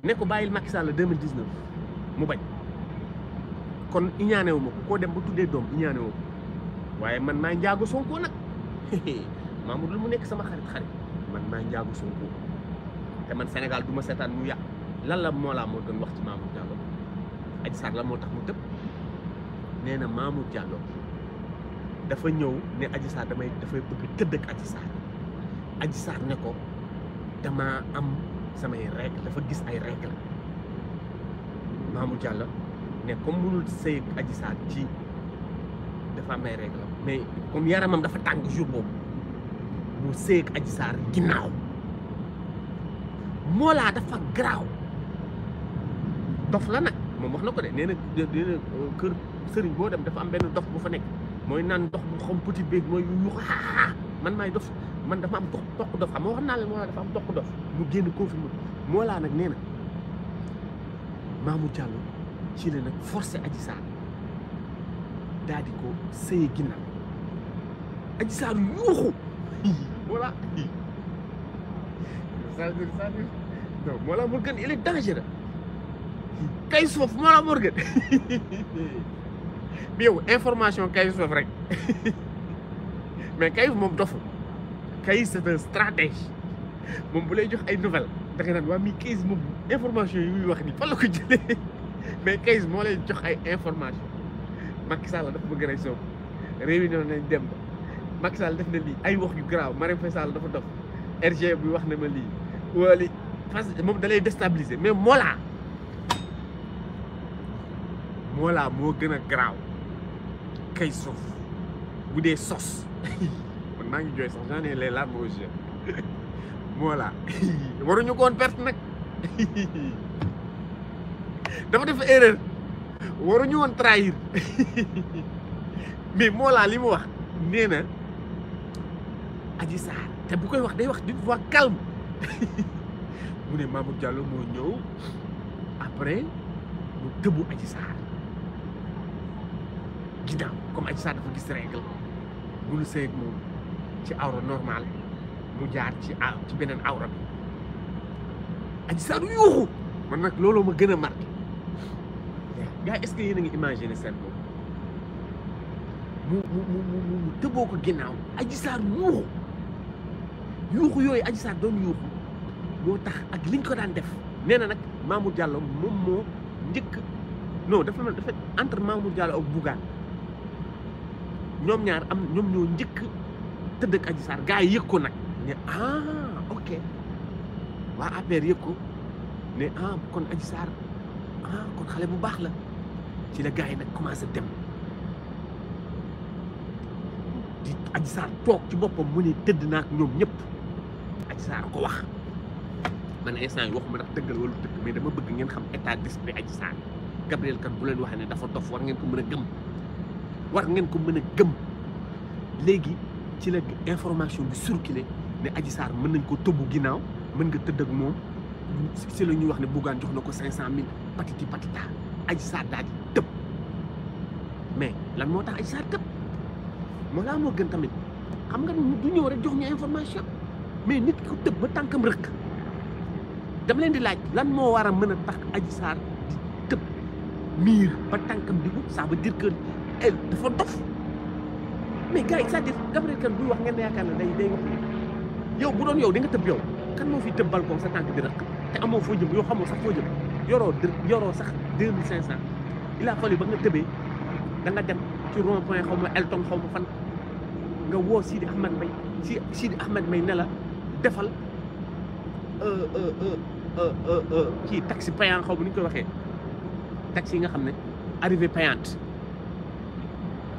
ne ko bàyyil Macky Sall 2019 mu bañ kon iñaanewu ma ko koo dem ba tuddee doom iñaanewu ko waaye man maa njaago Sonko nag <laughs> Mamadou lu mu nekk sama xarit xarit man maa njaago Sonko te man Sénégal du ma seetaan mu yàq lan la Mollah moo doon wax ci Mamour Diallo Adji la moo tax mu tëb nee na Mamour dafa ñëw ne Adji Sarr damay dafay bëgg tëdd ak Adji Sarr ne ko damaa am samay règle dafa gis ay règle Mamour Diallo ne comme mënul sëy ak Adji Sarr ci dafa am ay la mais comme yaramam dafa tàng jour boobu mu sëy ak Adji Sarr ginnaaw Mollah dafa garaaw dof la nag moom wax na ko de nee na nee euh, kër sëriñ boo dem dafa am benn dof bu fa nekk mooy naan dox bu xam petit béeg mooy yu man maay dof man dafa am dox dox dof xam nga wax naa leen moo laa dafa am dox dof génn confirmé moo laa nag nee ci la nag forcé Adji Sarr daal di ko sëye ginnaaw Adji gën <laughs> il est kayus foofu moo la Morgan bi <laughs> information kayus foofu rek <laughs> mais kayus moom dofu kayus c'est un stratège moom bu lay jox ay nouvelle da nga naan waa mi kayus moom information yi muy wax ni fan la ko jëlee <laughs> mais kayus moo lay jox ay information Macky Sall dafa bëgg rey Sonko réunion nañ dem ba Macky Sall def na lii ay wax yu garaaw Marième Faye Sall dafa dof RG bi wax ne ma lii wala parce que moom mais moolaa Mollah moo gën a garaaw kay sof bu dee sos <laughs> man maa ngi jooy sax j'en ai les larmes aux yeux <laughs> Mollah <laughs> waruñu koon perte nag dafa def erreur waruñu woon trahir mais Mollah li mu wax nee na Adji te bu koy wax day wax d'une voix calme mu ne Mamour Diallo moo ñëw après mu tëbu Adji Sarr accident comme Adji Sarr dafa gis règle bulu sëy ak moom ci awra normal mu jaar ci ci beneen awra bi Adji yuuxu man nag looloo ma gën a marqué gars est-ce que yéen a ngi imaginer seen boobu mu mu mu mu tëboo ko ginnaaw Adji Sarr yuuxu yuuxu yooyu Adji Sarr doon yuuxu moo tax ak liñ ko daan def nee na nag Mamour Diallo moom moo njëkk non dafa dafa entre Mamour Diallo ak Bougane ñoom ñaar am ñoom ñoo njëkk tëdd ak Adji Sarr yi yëg ko nag ne ah ok waa APR yëg ko ne ah kon Adji Sarr ah kon xale bu baax la ci la gars yi nag commencé tem di Adji Sarr toog ci boppam mu ne tëdd naa ak ñoom ñëpp Adji Sarr ko wax man instant yi waxuma ndax dëggal wala dëgg mais dama bëgg ngeen xam état d'esprit Adji Sarr Gabriel Kane bu leen waxee ne dafa dof war ngeen ko mën a gëm. war ngeen ko mën a gëm léegi ci la information bi circulé ne Adji Sarr mën nañ ko tëbbu ginnaaw mën nga tëdd ak moom si la ñuy wax ne Bougane jox na ko cinq cent mille patiti patita Adji Sarr daal di tëb mais lan moo tax Adji Sarr tëb moo laa moo gën tamit xam nga du ñëw rek jox ñu information mais nit ku tëb ba tànkam rëkk dama leen di laaj lan moo war a mën a tax Adji Sarr di tëb miir ba tànkam di wut ça veut dire elle eh, dafa dof mais gars yi c'est-à-dire Gabriel Kane buy wax ngeen yaakaar ne day day wax yow bu doon yow di nga tëb yow kan moo fiy tëb balcon sa tànk di rëq te amoo foo jëm yow xamoo sax foo jëm yoroo yoroo sax deux mille cinq cent il a fallu ba nga tëbee da nga dem ci rond point xaw ma Elton xaw ma fan nga woo Sidi Ahmed Mbaye si Sidi Ahmed Mbaye ne la defal euh, euh, euh, kii taxi payant xaw ma ni koy waxee taxi yi nga xam ne arrivé payante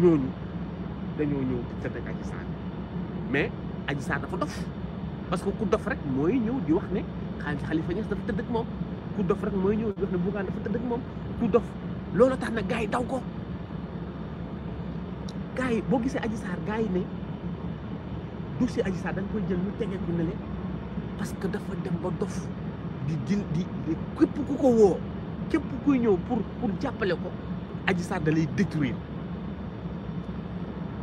ñooñu dañoo ñëw di tëdd ak Adji mais Adji Sarr dafa dof parce que ku dof rek mooy ñëw di wax ne Khalifa Niass dafa tëdd ak moom ku dof rek mooy ñëw di wax ne Bougane dafa tëdd ak moom ku dof loolu tax na gars yi daw ko gars yi boo gisee Adji Sarr gars yi ne dossier Adji Sarr dañ koy jël ñu tegee ko parce que dafa dem ba dof di dil di képp ku ko woo képp kuy ñëw pour pour jàppale ko Adji Sarr da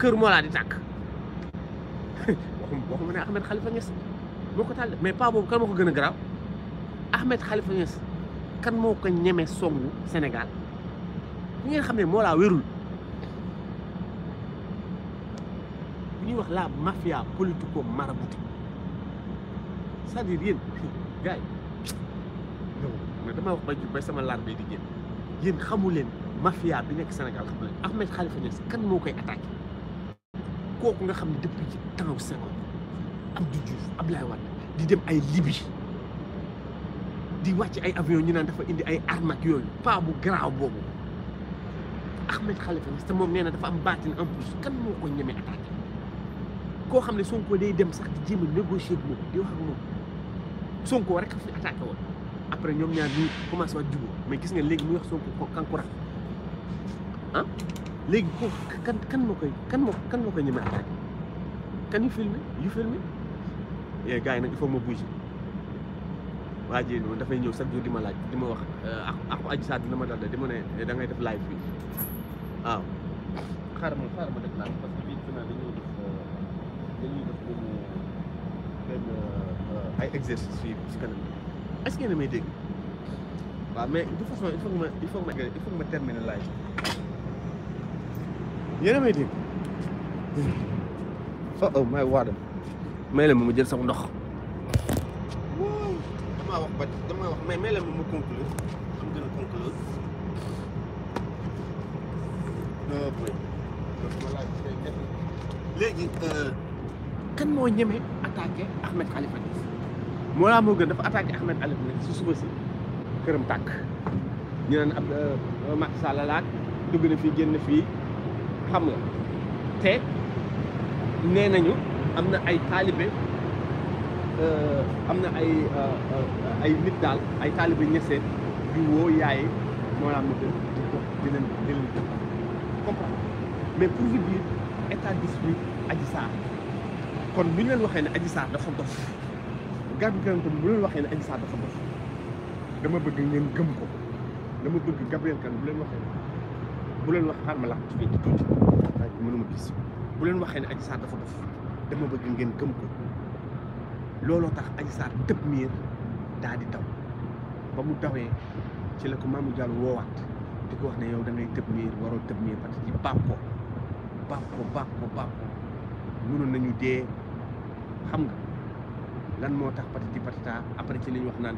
kër moo laa di tàkk waxum <laughs> waxuma ne Ahmed moo ko tàll mais pas boobu kan moo ko gën a garaaw Ahmed Khalifa Niass kan moo ko ñeme songu Sénégal ñi ngeen xam ne moo laa wérul bu ñuy wax la mafia politico maraboutique c'est-à-dire yéen <laughs> gars yi dama wax bay sama laar bay di génn yéen xamu leen mafia bi nekk Sénégal xamu leen Ahmed Khalifa Niass kan moo koy attaqué kooku nga xam ne depuis ci temps Senghor Abdou Diouf Abdoulaye Wade di dem ay Libye di wàcc ay avion ñu naan dafa indi ay armes ak yooyu pas bu garaaw boobu Ahmed Khalifa Niass te sama nee na dafa am baatin en plus kan moo ko ñemee attaqué koo xam ne Sonko day dem sax di jéem a négocier ak moom di wax ak moom Sonko rek fi attaqué woon après ñoom ñaar ñu commencé waat jubóo mais gis nga léegi mu wax Sonko kankurak ah léegi kooku kan kan moo koy kan moo kan moo koy ñemee attaqué kan yu filmé yu filmé yee eh, gars yi nag il faut ma bouger waa ji noonu dafay ñëw chaque jour di ma laaj di ma wax euh, ak ak Adji Sarr dina ma dal di ma eh, da ngay def live bi waaw. xaaral ma xaaral ma def live parce que bii dinaa dañuy def euh, dañuy def benn benn euh, ay exercice fii si kanam est-ce que a may dégg waaw mais il faut ma il faut que ma il live yéen a may dégg oh oh may jël sama ndox. wax ba may la ma conclure am gën a conclure. Euh, léegi euh, kan moo ñeme attaqué Ahmed Khalifa Niass moo laa moo gën dafa attaqué Ahmed Khalifa Niass si suba si këram tàkk ñu naan ab euh, Macky Sall dugg na fii génn fii. xam nga te nee nañu am na ay taalibe euh, am na ay euh, ay nit daal ay taalibe ñeseen yu woo yaaye moo laa ma gën di ko di mais pour vous dire état d'esprit Adji Sarr kon bu ñu leen waxee ne Adji Sarr dafa dof gàddu Kane bu leen waxee ne Adji Sarr dafa dof dama bëgg ngeen gëm ko dama bëgg Gabriel Kane bu leen waxee bu leen wax xaar ma làqu ci fii ci tuuti waaye mënuma gis bu leen waxee ne Adji Sarr dafa dof dama bëgg ngeen gëm ko looloo tax Adji Sarr tëb miir daa di daw ba mu dawee ci la ko Mamour Diallo woowaat di ko wax ne yow da ngay tëb miir waroo tëb miir parce que ci baab ko baab ko baab ko baab ko nañu dee xam nga lan moo tax patati patata après ci li ñu wax naan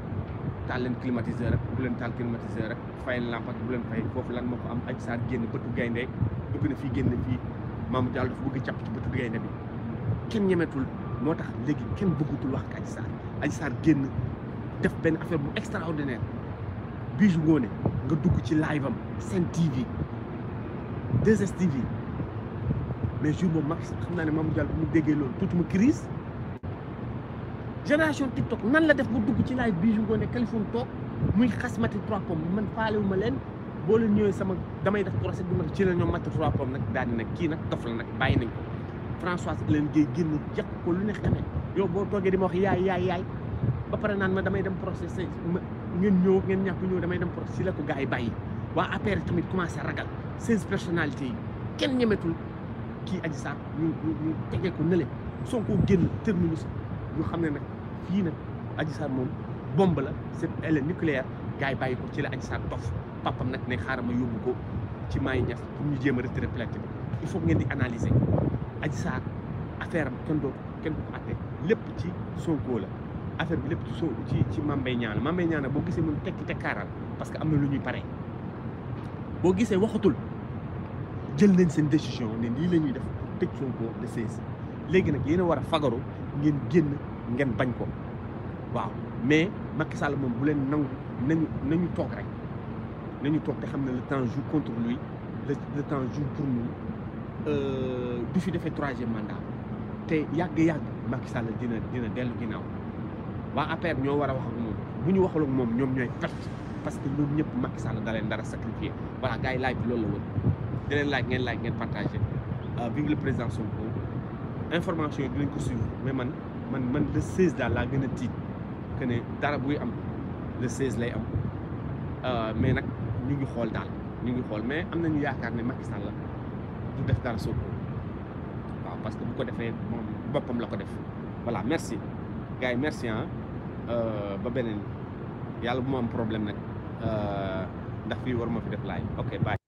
taal leen climatiseur rek bu leen taal climatiseur rek fay lamp ak bu leen fay foofu lan moo ko am aj saar génn bëtu gaynde dugg na fii génn fii Mamour Diallo dafa bëgg càpp ci bëtu gaynde bi kenn ñemetul moo tax léegi kenn bëggutul wax ak aj saar aj saar génn def benn affaire bu extraordinaire Bijou Ngoné nga dugg ci live am Sen TV 2STV mais jour boobu mag xam naa ne Mamour Diallo bu mu déggee loolu tuuti ma crise génération TikTok nan la def bu dugg ci live Bijou Ngoné Kaliphone toog muy xas Maty trois pommes man faalewu ma leen boo leen ñëwee sama damay def procès bi ma ci la ñoom Maty trois pommes nag daal di nag kii nag dof la nag bàyyi nañ ko Françoise Hélène Guèye génn yàq ko lu ne xamee yow boo toogee di ma wax yaay yaay yaay ba pare naan ma damay dem procès ma ngeen ñëw ngeen ñàkk ñëw damay dem procès si la ko gars yi bàyyi waa APR tamit commencé ragal seize personnalités yi kenn ñemetul kii Adji Sarr ñu ñu ñu tegee ko nële Sonko génn terminus ñu xam ne nag fii nag Adji Sarr moom bombe la c'est elle nucléaire gars yi bàyyi ko ci la Adji Sarr dof papam nag ne xaaral ma yóbbu ko ci maayi ñaf pour ñu jéem a retiré plainte bi il faut ngeen di analyser Adji Sarr affaire am kenn doo kenn ko lépp ci Sonko la affaire bi lépp ci so ci ci Mame Mbaye Niang la Mame Mbaye Niang boo gisee moom tekki tekkaaral parce que am na lu ñuy pare boo gisee waxatul jël nañ seen décision ne lii la ñuy def tëj Sonko le 16 léegi nag yéen a war a fagaru ngeen génn ngeen bañ ko waaw mais Macky Sall moom bu leen nangu nañu nañu toog rek nañu toog te xam ne le temps joue contre lui le temps joue pour nous euh, du fi defee troisième mandat te yàgg-yàgg Macky Sall dina dina dellu ginnaaw waa APR ñoo war a wax ak moom bu ñu waxul ak moom ñoom ñooy perte parce que ñoom ñëpp Macky Sall da leen dara sacrifié voilà gars yi laaj bi loolu la woon di leen laaj ngeen laaj ngeen partagé euh, vive le président Sonko information yi dinañ ko suivre mais man. man man le 16 daal laa gën a tiit que dara buy am le 16 lay am euh, mais nag ñu ngi xool daal ñu ngi xool mais am na ñu yaakaar ne Macky Sall la du def dara Sonko waaw parce que bu ko defee moom boppam la ko def voilà merci gars yi merci ah ba beneen yàlla bu ma am problème nag euh, ndax fii war ma fi def laa ok bye.